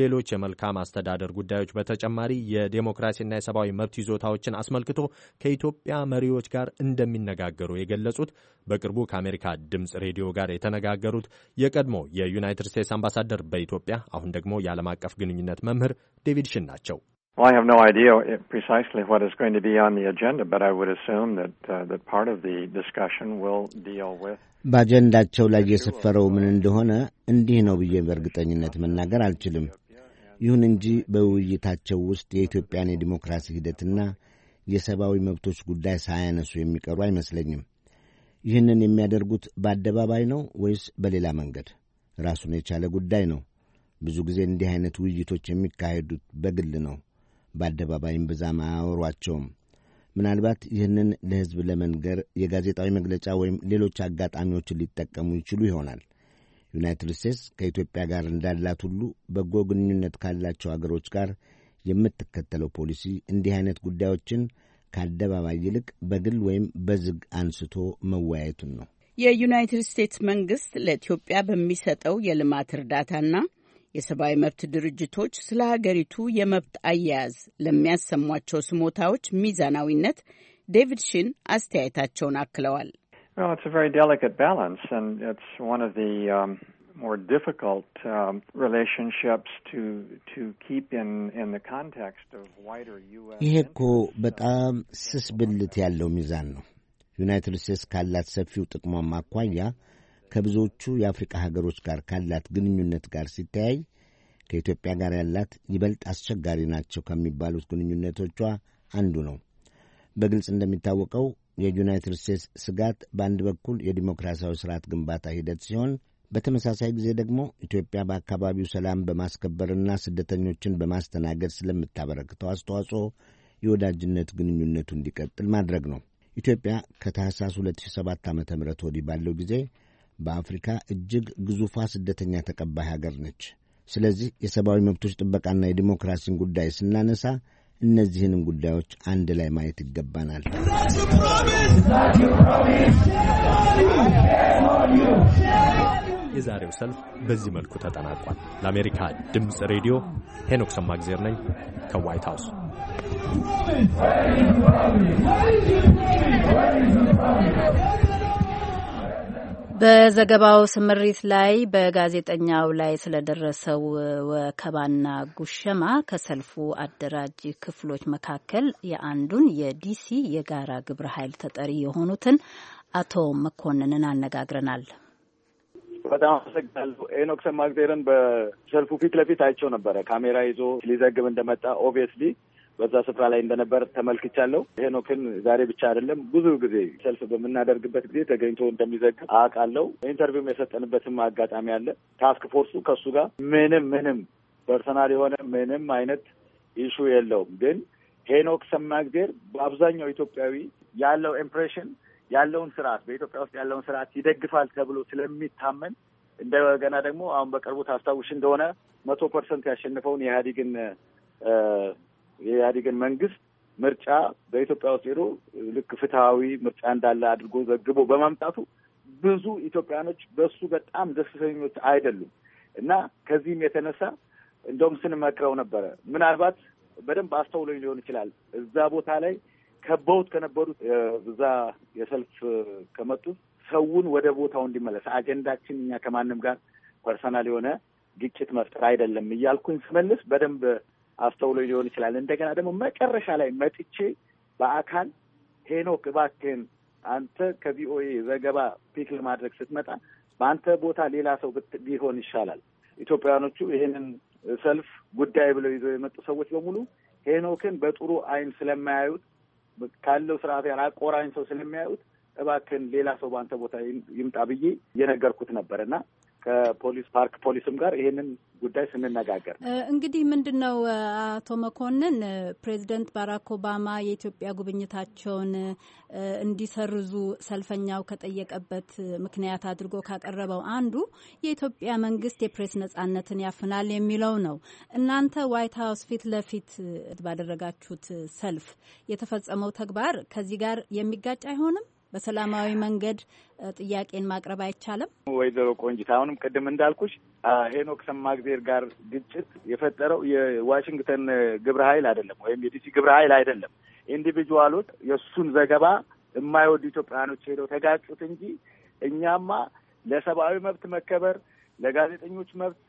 ሌሎች የመልካም አስተዳደር ጉዳዮች በተጨማሪ የዴሞክራሲና የሰብአዊ መብት ይዞታዎችን አስመልክቶ ከኢትዮጵያ መሪዎች ጋር እንደሚነጋገሩ የገለጹት በቅርቡ ከአሜሪካ ድምፅ ሬዲዮ ጋር የተነጋገሩት የቀድሞ የዩናይትድ ስቴትስ አምባሳደር በኢትዮጵያ አሁን ደግሞ የዓለም አቀፍ ግንኙነት መምህር ዴቪድ ሽን ናቸው። Well, I have no idea precisely what is going to be on the agenda, but I would assume that uh, that part of the discussion will deal with በአጀንዳቸው ላይ የሰፈረው ምን እንደሆነ እንዲህ ነው ብዬ በእርግጠኝነት መናገር አልችልም። ይሁን እንጂ በውይይታቸው ውስጥ የኢትዮጵያን የዲሞክራሲ ሂደትና የሰብአዊ መብቶች ጉዳይ ሳያነሱ የሚቀሩ አይመስለኝም። ይህንን የሚያደርጉት በአደባባይ ነው ወይስ በሌላ መንገድ ራሱን የቻለ ጉዳይ ነው። ብዙ ጊዜ እንዲህ አይነት ውይይቶች የሚካሄዱት በግል ነው። በአደባባይም ብዛም አያወሯቸውም። ምናልባት ይህንን ለሕዝብ ለመንገር የጋዜጣዊ መግለጫ ወይም ሌሎች አጋጣሚዎችን ሊጠቀሙ ይችሉ ይሆናል። ዩናይትድ ስቴትስ ከኢትዮጵያ ጋር እንዳላት ሁሉ በጎ ግንኙነት ካላቸው አገሮች ጋር የምትከተለው ፖሊሲ እንዲህ አይነት ጉዳዮችን ከአደባባይ ይልቅ በግል ወይም በዝግ አንስቶ መወያየቱን ነው። የዩናይትድ ስቴትስ መንግስት ለኢትዮጵያ በሚሰጠው የልማት እርዳታና የሰብአዊ መብት ድርጅቶች ስለ ሀገሪቱ የመብት አያያዝ ለሚያሰሟቸው ስሞታዎች ሚዛናዊነት ዴቪድ ሽን አስተያየታቸውን አክለዋል። um, um, ይህ እኮ በጣም ስስ ብልት ያለው ሚዛን ነው። ዩናይትድ ስቴትስ ካላት ሰፊው ጥቅሟም አኳያ ከብዙዎቹ የአፍሪቃ ሀገሮች ጋር ካላት ግንኙነት ጋር ሲተያይ ከኢትዮጵያ ጋር ያላት ይበልጥ አስቸጋሪ ናቸው ከሚባሉት ግንኙነቶቿ አንዱ ነው። በግልጽ እንደሚታወቀው የዩናይትድ ስቴትስ ስጋት በአንድ በኩል የዲሞክራሲያዊ ስርዓት ግንባታ ሂደት ሲሆን፣ በተመሳሳይ ጊዜ ደግሞ ኢትዮጵያ በአካባቢው ሰላም በማስከበርና ስደተኞችን በማስተናገድ ስለምታበረክተው አስተዋጽኦ የወዳጅነት ግንኙነቱ እንዲቀጥል ማድረግ ነው። ኢትዮጵያ ከታህሳስ 2007 ዓ ም ወዲህ ባለው ጊዜ በአፍሪካ እጅግ ግዙፋ ስደተኛ ተቀባይ ሀገር ነች። ስለዚህ የሰብአዊ መብቶች ጥበቃና የዲሞክራሲን ጉዳይ ስናነሳ እነዚህንም ጉዳዮች አንድ ላይ ማየት ይገባናል። የዛሬው ሰልፍ በዚህ መልኩ ተጠናቋል። ለአሜሪካ ድምፅ ሬዲዮ ሄኖክ ሰማግዜር ነኝ ከዋይት ሃውስ። What is the problem? What is the problem? በዘገባው ስምሪት ላይ በጋዜጠኛው ላይ ስለደረሰው ወከባና ጉሸማ ከሰልፉ አደራጅ ክፍሎች መካከል የአንዱን የዲሲ የጋራ ግብረ ኃይል ተጠሪ የሆኑትን አቶ መኮንንን አነጋግረናል። በጣም አመሰግናለሁ ኤኖክ ሰማግዜርን በሰልፉ ፊት ለፊት አይቸው ነበረ። ካሜራ ይዞ ሊዘግብ እንደመጣ ኦብቪየስሊ በዛ ስፍራ ላይ እንደነበር ተመልክቻለሁ። ሄኖክን ዛሬ ብቻ አይደለም ብዙ ጊዜ ሰልፍ በምናደርግበት ጊዜ ተገኝቶ እንደሚዘግብ አውቃለሁ። ኢንተርቪውም የሰጠንበትም አጋጣሚ አለ። ታስክ ፎርሱ ከእሱ ጋር ምንም ምንም ፐርሰናል የሆነ ምንም አይነት ኢሹ የለውም። ግን ሄኖክ ሰማእግዜር በአብዛኛው ኢትዮጵያዊ ያለው ኢምፕሬሽን ያለውን ስርዓት በኢትዮጵያ ውስጥ ያለውን ስርዓት ይደግፋል ተብሎ ስለሚታመን እንደገና ደግሞ አሁን በቅርቡ ታስታውሽ እንደሆነ መቶ ፐርሰንት ያሸንፈውን የኢህአዴግን የኢህአዴግን መንግስት ምርጫ በኢትዮጵያ ውስጥ ሄዶ ልክ ፍትሐዊ ምርጫ እንዳለ አድርጎ ዘግቦ በማምጣቱ ብዙ ኢትዮጵያኖች በሱ በጣም ደስተኞች አይደሉም እና ከዚህም የተነሳ እንደውም ስንመክረው ነበረ። ምናልባት በደንብ አስተውሎኝ ሊሆን ይችላል እዛ ቦታ ላይ ከበውት ከነበሩት እዛ የሰልፍ ከመጡት ሰውን ወደ ቦታው እንዲመለስ አጀንዳችን እኛ ከማንም ጋር ፐርሰናል የሆነ ግጭት መፍጠር አይደለም እያልኩኝ ስመልስ በደንብ አስተውሎ ሊሆን ይችላል። እንደገና ደግሞ መጨረሻ ላይ መጥቼ በአካል ሄኖክ እባክህን አንተ ከቪኦኤ ዘገባ ፒክ ለማድረግ ስትመጣ በአንተ ቦታ ሌላ ሰው ቢሆን ይሻላል። ኢትዮጵያውያኖቹ ይህንን ሰልፍ ጉዳይ ብለው ይዘው የመጡ ሰዎች በሙሉ ሄኖክን በጥሩ አይን ስለማያዩት ካለው ስርዓት ጋር አቆራኝ ሰው ስለሚያዩት እባክን ሌላ ሰው በአንተ ቦታ ይምጣ ብዬ እየነገርኩት ነበር እና ከፖሊስ ፓርክ ፖሊስም ጋር ይሄንን ጉዳይ ስንነጋገር እንግዲህ ምንድን ነው አቶ መኮንን ፕሬዚደንት ባራክ ኦባማ የኢትዮጵያ ጉብኝታቸውን እንዲሰርዙ ሰልፈኛው ከጠየቀበት ምክንያት አድርጎ ካቀረበው አንዱ የኢትዮጵያ መንግስት የፕሬስ ነጻነትን ያፍናል የሚለው ነው። እናንተ ዋይት ሀውስ ፊት ለፊት ባደረጋችሁት ሰልፍ የተፈጸመው ተግባር ከዚህ ጋር የሚጋጭ አይሆንም? በሰላማዊ መንገድ ጥያቄን ማቅረብ አይቻልም? ወይዘሮ ቆንጂት አሁንም ቅድም እንዳልኩሽ ሄኖክ ሰማእግዜር ጋር ግጭት የፈጠረው የዋሽንግተን ግብረ ኃይል አይደለም ወይም የዲሲ ግብረ ኃይል አይደለም። ኢንዲቪጁዋሎች የእሱን ዘገባ የማይወዱ ኢትዮጵያውያኖች ሄደው ተጋጩት እንጂ እኛማ ለሰብአዊ መብት መከበር ለጋዜጠኞች መብት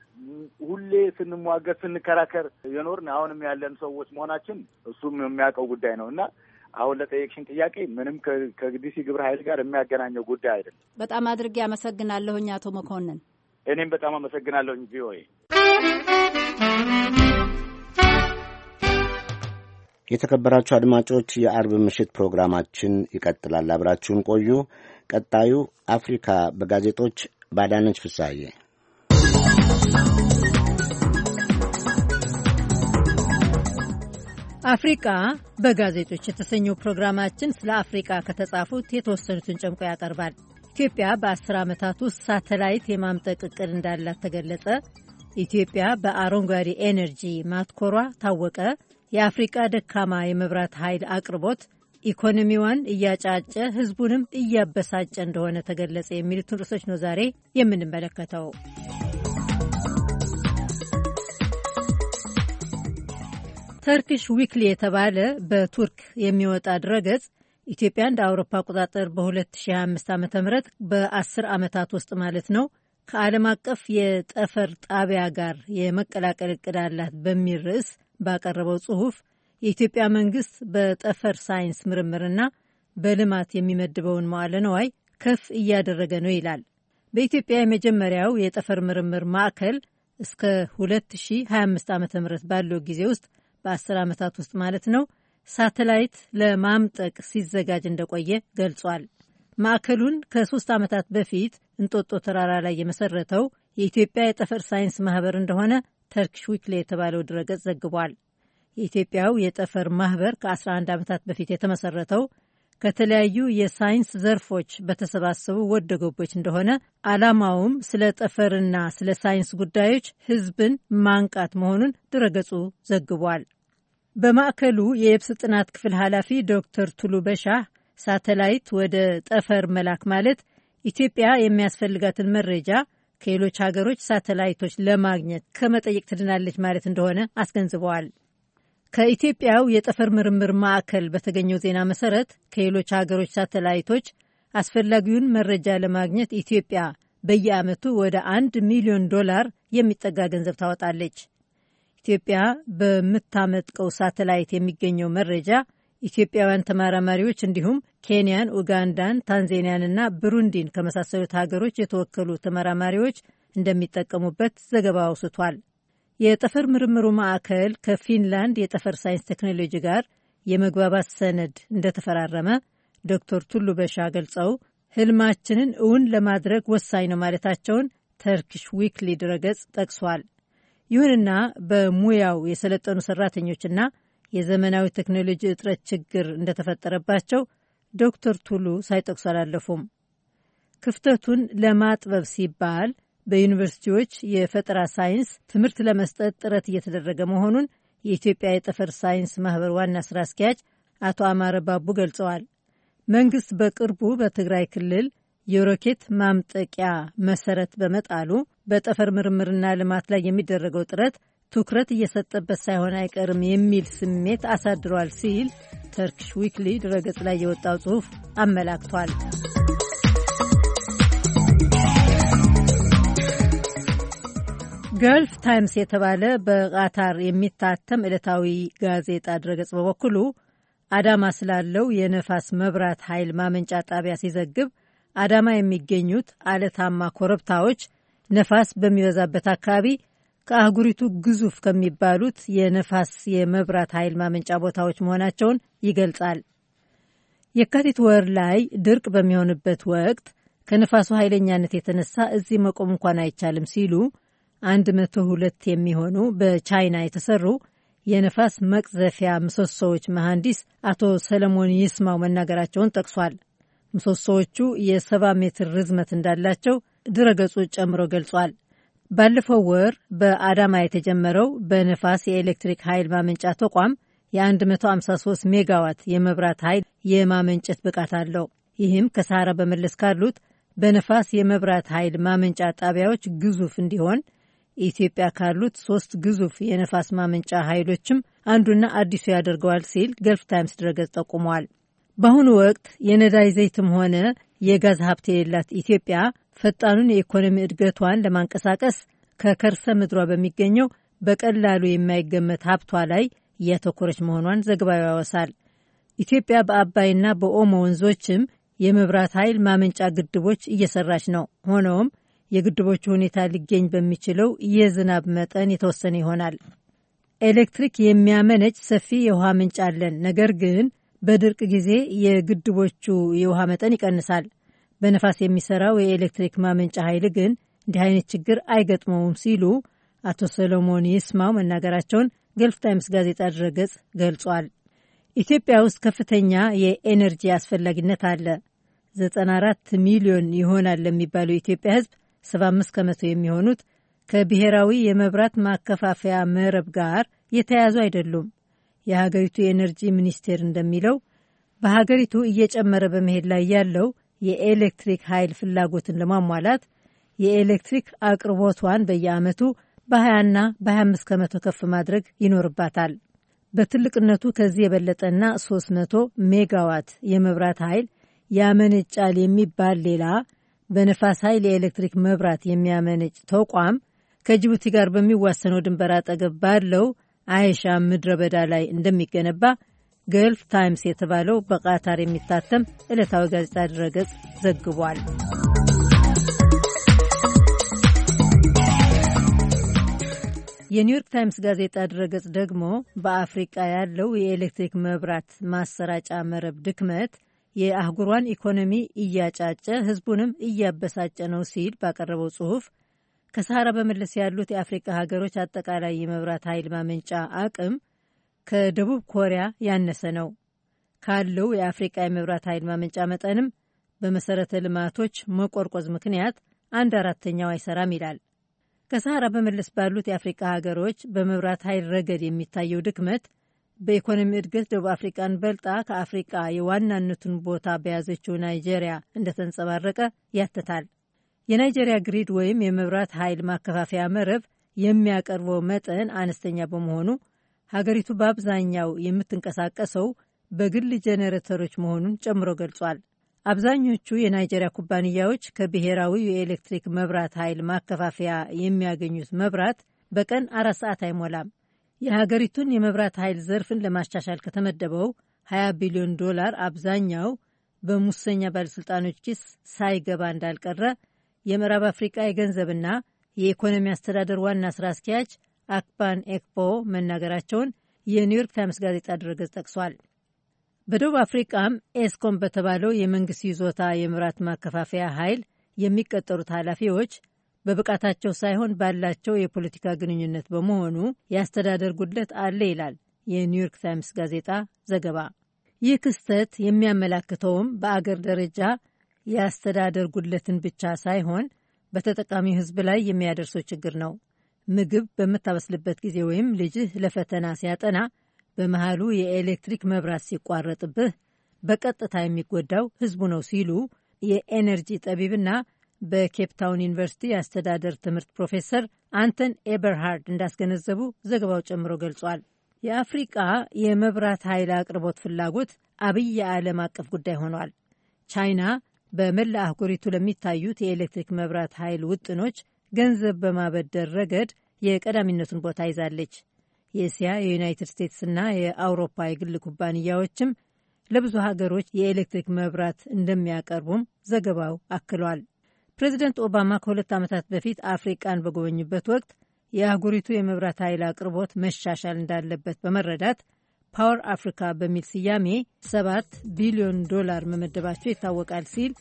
ሁሌ ስንሟገት ስንከራከር የኖርን አሁንም ያለን ሰዎች መሆናችን እሱም የሚያውቀው ጉዳይ ነው እና አሁን ለጠየቅሽን ጥያቄ ምንም ከግዲሲ ግብረ ኃይል ጋር የሚያገናኘው ጉዳይ አይደለም። በጣም አድርጌ አመሰግናለሁኝ አቶ መኮንን። እኔም በጣም አመሰግናለሁኝ ቪኦኤ። የተከበራችሁ አድማጮች የአርብ ምሽት ፕሮግራማችን ይቀጥላል። አብራችሁን ቆዩ። ቀጣዩ አፍሪካ በጋዜጦች ባዳነች ፍሳዬ አፍሪቃ በጋዜጦች የተሰኘው ፕሮግራማችን ስለ አፍሪቃ ከተጻፉት የተወሰኑትን ጨምቆ ያቀርባል። ኢትዮጵያ በአስር ዓመታት ውስጥ ሳተላይት የማምጠቅ እቅድ እንዳላት ተገለጸ፣ ኢትዮጵያ በአረንጓዴ ኤነርጂ ማትኮሯ ታወቀ፣ የአፍሪቃ ደካማ የመብራት ኃይል አቅርቦት ኢኮኖሚዋን እያጫጨ ህዝቡንም እያበሳጨ እንደሆነ ተገለጸ የሚሉትን ርዕሶች ነው ዛሬ የምንመለከተው። ተርኪሽ ዊክሊ የተባለ በቱርክ የሚወጣ ድረገጽ ኢትዮጵያ እንደ አውሮፓ አቆጣጠር በ2025 ዓ ም በ10 ዓመታት ውስጥ ማለት ነው ከዓለም አቀፍ የጠፈር ጣቢያ ጋር የመቀላቀል እቅድ አላት በሚል ርዕስ ባቀረበው ጽሑፍ የኢትዮጵያ መንግስት በጠፈር ሳይንስ ምርምርና በልማት የሚመድበውን መዋለ ነዋይ ከፍ እያደረገ ነው ይላል። በኢትዮጵያ የመጀመሪያው የጠፈር ምርምር ማዕከል እስከ 2025 ዓ ም ባለው ጊዜ ውስጥ በአስር ዓመታት ውስጥ ማለት ነው ሳተላይት ለማምጠቅ ሲዘጋጅ እንደቆየ ገልጿል። ማዕከሉን ከሶስት ዓመታት በፊት እንጦጦ ተራራ ላይ የመሰረተው የኢትዮጵያ የጠፈር ሳይንስ ማህበር እንደሆነ ተርኪሽ ዊክሊ የተባለው ድረገጽ ዘግቧል። የኢትዮጵያው የጠፈር ማህበር ከ11 ዓመታት በፊት የተመሰረተው ከተለያዩ የሳይንስ ዘርፎች በተሰባሰቡ ወደ ገቦች እንደሆነ ዓላማውም ስለ ጠፈርና ስለ ሳይንስ ጉዳዮች ህዝብን ማንቃት መሆኑን ድረገጹ ዘግቧል። በማዕከሉ የየብስ ጥናት ክፍል ኃላፊ ዶክተር ቱሉ በሻህ ሳተላይት ወደ ጠፈር መላክ ማለት ኢትዮጵያ የሚያስፈልጋትን መረጃ ከሌሎች ሀገሮች ሳተላይቶች ለማግኘት ከመጠየቅ ትድናለች ማለት እንደሆነ አስገንዝበዋል። ከኢትዮጵያው የጠፈር ምርምር ማዕከል በተገኘው ዜና መሰረት ከሌሎች ሀገሮች ሳተላይቶች አስፈላጊውን መረጃ ለማግኘት ኢትዮጵያ በየዓመቱ ወደ አንድ ሚሊዮን ዶላር የሚጠጋ ገንዘብ ታወጣለች። ኢትዮጵያ በምታመጥቀው ሳተላይት የሚገኘው መረጃ ኢትዮጵያውያን ተመራማሪዎች እንዲሁም ኬንያን፣ ኡጋንዳን፣ ታንዛኒያንና ብሩንዲን ከመሳሰሉት ሀገሮች የተወከሉ ተመራማሪዎች እንደሚጠቀሙበት ዘገባ አውስቷል። የጠፈር ምርምሩ ማዕከል ከፊንላንድ የጠፈር ሳይንስ ቴክኖሎጂ ጋር የመግባባት ሰነድ እንደተፈራረመ ዶክተር ቱሉ በሻ ገልጸው ህልማችንን እውን ለማድረግ ወሳኝ ነው ማለታቸውን ተርኪሽ ዊክሊ ድረገጽ ጠቅሷል። ይሁንና በሙያው የሰለጠኑ ሰራተኞችና የዘመናዊ ቴክኖሎጂ እጥረት ችግር እንደተፈጠረባቸው ዶክተር ቱሉ ሳይጠቅሱ አላለፉም። ክፍተቱን ለማጥበብ ሲባል በዩኒቨርሲቲዎች የፈጠራ ሳይንስ ትምህርት ለመስጠት ጥረት እየተደረገ መሆኑን የኢትዮጵያ የጠፈር ሳይንስ ማህበር ዋና ስራ አስኪያጅ አቶ አማረ ባቡ ገልጸዋል። መንግስት በቅርቡ በትግራይ ክልል የሮኬት ማምጠቂያ መሰረት በመጣሉ በጠፈር ምርምርና ልማት ላይ የሚደረገው ጥረት ትኩረት እየሰጠበት ሳይሆን አይቀርም የሚል ስሜት አሳድሯል ሲል ተርኪሽ ዊክሊ ድረገጽ ላይ የወጣው ጽሑፍ አመላክቷል። ገልፍ ታይምስ የተባለ በቃታር የሚታተም ዕለታዊ ጋዜጣ ድረገጽ በበኩሉ አዳማ ስላለው የነፋስ መብራት ኃይል ማመንጫ ጣቢያ ሲዘግብ አዳማ የሚገኙት አለታማ ኮረብታዎች ነፋስ በሚበዛበት አካባቢ ከአህጉሪቱ ግዙፍ ከሚባሉት የነፋስ የመብራት ኃይል ማመንጫ ቦታዎች መሆናቸውን ይገልጻል። የካቲት ወር ላይ ድርቅ በሚሆንበት ወቅት ከነፋሱ ኃይለኛነት የተነሳ እዚህ መቆም እንኳን አይቻልም ሲሉ 102 የሚሆኑ በቻይና የተሰሩ የነፋስ መቅዘፊያ ምሰሶዎች መሐንዲስ አቶ ሰለሞን ይስማው መናገራቸውን ጠቅሷል። ምሰሶዎቹ የ ሜትር ርዝመት እንዳላቸው ድረገጹ ጨምሮ ገልጿል። ባለፈው ወር በአዳማ የተጀመረው በነፋስ የኤሌክትሪክ ኃይል ማመንጫ ተቋም የ153 ሜጋዋት የመብራት ኃይል የማመንጨት ብቃት አለው። ይህም ከሰሃራ በመለስ ካሉት በነፋስ የመብራት ኃይል ማመንጫ ጣቢያዎች ግዙፍ እንዲሆን ኢትዮጵያ ካሉት ሶስት ግዙፍ የነፋስ ማመንጫ ኃይሎችም አንዱና አዲሱ ያደርገዋል ሲል ገልፍ ታይምስ ድረገጽ ጠቁሟል። በአሁኑ ወቅት የነዳጅ ዘይትም ሆነ የጋዝ ሀብት የሌላት ኢትዮጵያ ፈጣኑን የኢኮኖሚ እድገቷን ለማንቀሳቀስ ከከርሰ ምድሯ በሚገኘው በቀላሉ የማይገመት ሀብቷ ላይ እያተኮረች መሆኗን ዘገባው ያወሳል። ኢትዮጵያ በአባይና በኦሞ ወንዞችም የመብራት ኃይል ማመንጫ ግድቦች እየሰራች ነው። ሆኖም የግድቦቹ ሁኔታ ሊገኝ በሚችለው የዝናብ መጠን የተወሰነ ይሆናል። ኤሌክትሪክ የሚያመነጭ ሰፊ የውሃ ምንጭ አለን። ነገር ግን በድርቅ ጊዜ የግድቦቹ የውሃ መጠን ይቀንሳል። በነፋስ የሚሰራው የኤሌክትሪክ ማመንጫ ኃይል ግን እንዲህ አይነት ችግር አይገጥመውም ሲሉ አቶ ሰሎሞን ይስማው መናገራቸውን ገልፍ ታይምስ ጋዜጣ ድረገጽ ገልጿል። ኢትዮጵያ ውስጥ ከፍተኛ የኤነርጂ አስፈላጊነት አለ። 94 ሚሊዮን ይሆናል ለሚባለው ኢትዮጵያ ሕዝብ 75 ከመቶ የሚሆኑት ከብሔራዊ የመብራት ማከፋፈያ መረብ ጋር የተያያዙ አይደሉም። የሀገሪቱ የኤነርጂ ሚኒስቴር እንደሚለው በሀገሪቱ እየጨመረ በመሄድ ላይ ያለው የኤሌክትሪክ ኃይል ፍላጎትን ለማሟላት የኤሌክትሪክ አቅርቦቷን በየዓመቱ በ20ና በ25 ከመቶ ከፍ ማድረግ ይኖርባታል። በትልቅነቱ ከዚህ የበለጠና 300 ሜጋዋት የመብራት ኃይል ያመነጫል የሚባል ሌላ በነፋስ ኃይል የኤሌክትሪክ መብራት የሚያመነጭ ተቋም ከጅቡቲ ጋር በሚዋሰነው ድንበር አጠገብ ባለው አይሻ ምድረ በዳ ላይ እንደሚገነባ ገልፍ ታይምስ የተባለው በቃታር የሚታተም ዕለታዊ ጋዜጣ ድረገጽ ዘግቧል። የኒውዮርክ ታይምስ ጋዜጣ ድረገጽ ደግሞ በአፍሪቃ ያለው የኤሌክትሪክ መብራት ማሰራጫ መረብ ድክመት የአህጉሯን ኢኮኖሚ እያጫጨ ህዝቡንም እያበሳጨ ነው ሲል ባቀረበው ጽሁፍ ከሰሃራ በመለስ ያሉት የአፍሪቃ ሀገሮች አጠቃላይ የመብራት ኃይል ማመንጫ አቅም ከደቡብ ኮሪያ ያነሰ ነው። ካለው የአፍሪቃ የመብራት ኃይል ማመንጫ መጠንም በመሰረተ ልማቶች መቆርቆዝ ምክንያት አንድ አራተኛው አይሰራም ይላል። ከሰሃራ በመለስ ባሉት የአፍሪቃ ሀገሮች በመብራት ኃይል ረገድ የሚታየው ድክመት በኢኮኖሚ እድገት ደቡብ አፍሪቃን በልጣ ከአፍሪቃ የዋናነቱን ቦታ በያዘችው ናይጄሪያ እንደተንጸባረቀ ያትታል። የናይጄሪያ ግሪድ ወይም የመብራት ኃይል ማከፋፈያ መረብ የሚያቀርበው መጠን አነስተኛ በመሆኑ ሀገሪቱ በአብዛኛው የምትንቀሳቀሰው በግል ጄኔሬተሮች መሆኑን ጨምሮ ገልጿል። አብዛኞቹ የናይጄሪያ ኩባንያዎች ከብሔራዊ የኤሌክትሪክ መብራት ኃይል ማከፋፈያ የሚያገኙት መብራት በቀን አራት ሰዓት አይሞላም። የሀገሪቱን የመብራት ኃይል ዘርፍን ለማሻሻል ከተመደበው 20 ቢሊዮን ዶላር አብዛኛው በሙሰኛ ባለሥልጣኖች ኪስ ሳይገባ እንዳልቀረ የምዕራብ አፍሪቃ የገንዘብና የኢኮኖሚ አስተዳደር ዋና ስራ አስኪያጅ አክባን ኤክፖ መናገራቸውን የኒውዮርክ ታይምስ ጋዜጣ ድረገጽ ጠቅሷል። በደቡብ አፍሪቃም ኤስኮም በተባለው የመንግሥት ይዞታ የምራት ማከፋፈያ ኃይል የሚቀጠሩት ኃላፊዎች በብቃታቸው ሳይሆን ባላቸው የፖለቲካ ግንኙነት በመሆኑ የአስተዳደር ጉድለት አለ ይላል የኒውዮርክ ታይምስ ጋዜጣ ዘገባ። ይህ ክስተት የሚያመላክተውም በአገር ደረጃ የአስተዳደር ጉድለትን ብቻ ሳይሆን በተጠቃሚው ሕዝብ ላይ የሚያደርሰው ችግር ነው። ምግብ በምታበስልበት ጊዜ ወይም ልጅህ ለፈተና ሲያጠና በመሃሉ የኤሌክትሪክ መብራት ሲቋረጥብህ በቀጥታ የሚጎዳው ህዝቡ ነው ሲሉ የኤነርጂ ጠቢብና በኬፕታውን ዩኒቨርሲቲ የአስተዳደር ትምህርት ፕሮፌሰር አንተን ኤበርሃርድ እንዳስገነዘቡ ዘገባው ጨምሮ ገልጿል። የአፍሪቃ የመብራት ኃይል አቅርቦት ፍላጎት አብይ የዓለም አቀፍ ጉዳይ ሆኗል። ቻይና በመላ አህጉሪቱ ለሚታዩት የኤሌክትሪክ መብራት ኃይል ውጥኖች ገንዘብ በማበደር ረገድ የቀዳሚነቱን ቦታ ይዛለች። የእስያ የዩናይትድ ስቴትስና የአውሮፓ የግል ኩባንያዎችም ለብዙ ሀገሮች የኤሌክትሪክ መብራት እንደሚያቀርቡም ዘገባው አክሏል። ፕሬዚደንት ኦባማ ከሁለት ዓመታት በፊት አፍሪቃን በጎበኙበት ወቅት የአህጉሪቱ የመብራት ኃይል አቅርቦት መሻሻል እንዳለበት በመረዳት ፓወር አፍሪካ በሚል ስያሜ ሰባት ቢሊዮን ዶላር መመደባቸው ይታወቃል ሲል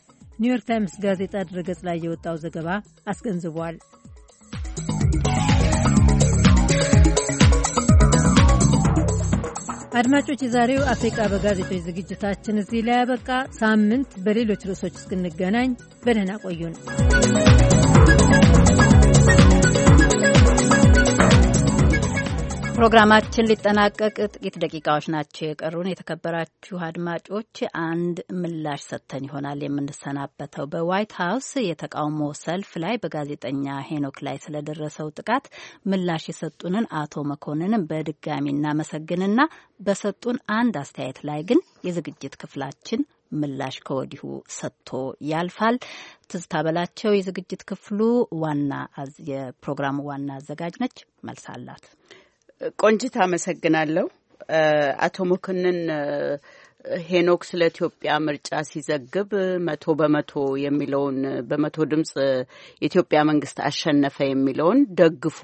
ኒውዮርክ ታይምስ ጋዜጣ ድረገጽ ላይ የወጣው ዘገባ አስገንዝቧል። አድማጮች፣ የዛሬው አፍሪቃ በጋዜጦች ዝግጅታችን እዚህ ላይ ያበቃ። ሳምንት በሌሎች ርዕሶች እስክንገናኝ በደህና ቆዩን። ፕሮግራማችን ሊጠናቀቅ ጥቂት ደቂቃዎች ናቸው የቀሩን። የተከበራችሁ አድማጮች፣ አንድ ምላሽ ሰጥተን ይሆናል የምንሰናበተው። በዋይት ሀውስ የተቃውሞ ሰልፍ ላይ በጋዜጠኛ ሄኖክ ላይ ስለደረሰው ጥቃት ምላሽ የሰጡንን አቶ መኮንንን በድጋሚ እናመሰግንና በሰጡን አንድ አስተያየት ላይ ግን የዝግጅት ክፍላችን ምላሽ ከወዲሁ ሰጥቶ ያልፋል። ትዝታ በላቸው የዝግጅት ክፍሉ ዋና የፕሮግራሙ ዋና አዘጋጅ ነች። መልሳላት ቆንጅት አመሰግናለሁ። አቶ መኮንን ሄኖክ ስለ ኢትዮጵያ ምርጫ ሲዘግብ መቶ በመቶ የሚለውን በመቶ ድምፅ የኢትዮጵያ መንግስት አሸነፈ የሚለውን ደግፎ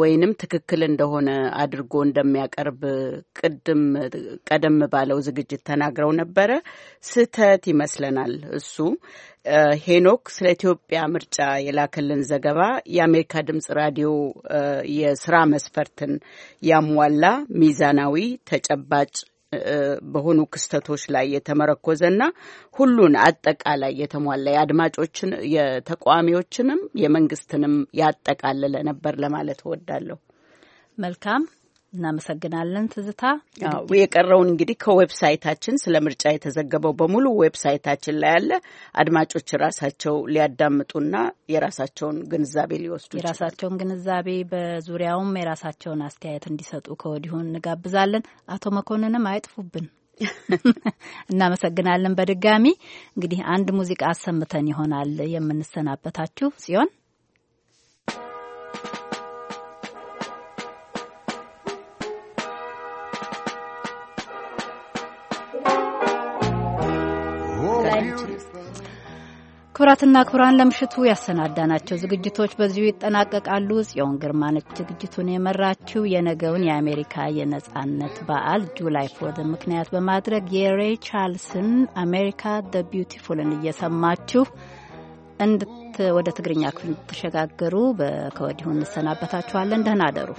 ወይንም ትክክል እንደሆነ አድርጎ እንደሚያቀርብ ቅድም ቀደም ባለው ዝግጅት ተናግረው ነበረ። ስህተት ይመስለናል እሱ። ሄኖክ ስለ ኢትዮጵያ ምርጫ የላከልን ዘገባ የአሜሪካ ድምጽ ራዲዮ የስራ መስፈርትን ያሟላ ሚዛናዊ፣ ተጨባጭ በሆኑ ክስተቶች ላይ የተመረኮዘና ሁሉን አጠቃላይ የተሟላ የአድማጮችን የተቃዋሚዎችንም የመንግስትንም ያጠቃልለ ነበር ለማለት እወዳለሁ። መልካም እናመሰግናለን ትዝታ። የቀረውን እንግዲህ ከዌብሳይታችን ስለ ምርጫ የተዘገበው በሙሉ ዌብሳይታችን ላይ ያለ አድማጮች ራሳቸው ሊያዳምጡና የራሳቸውን ግንዛቤ ሊወስዱ የራሳቸውን ግንዛቤ በዙሪያውም የራሳቸውን አስተያየት እንዲሰጡ ከወዲሁ እንጋብዛለን። አቶ መኮንንም አይጥፉብን። እናመሰግናለን በድጋሚ እንግዲህ አንድ ሙዚቃ አሰምተን ይሆናል የምንሰናበታችሁ ጽዮን ክብራትና ክብራን ለምሽቱ ያሰናዳናቸው ዝግጅቶች በዚሁ ይጠናቀቃሉ። ጽዮን ግርማ ነች ዝግጅቱን የመራችው። የነገውን የአሜሪካ የነጻነት በዓል ጁላይ ፎርድ ምክንያት በማድረግ የሬይ ቻርልስን አሜሪካ ደ ቢውቲፉልን እየሰማችሁ እንድት ወደ ትግርኛ ክፍል እንድትሸጋገሩ ከወዲሁ እንሰናበታችኋለን። ደህና አደሩ።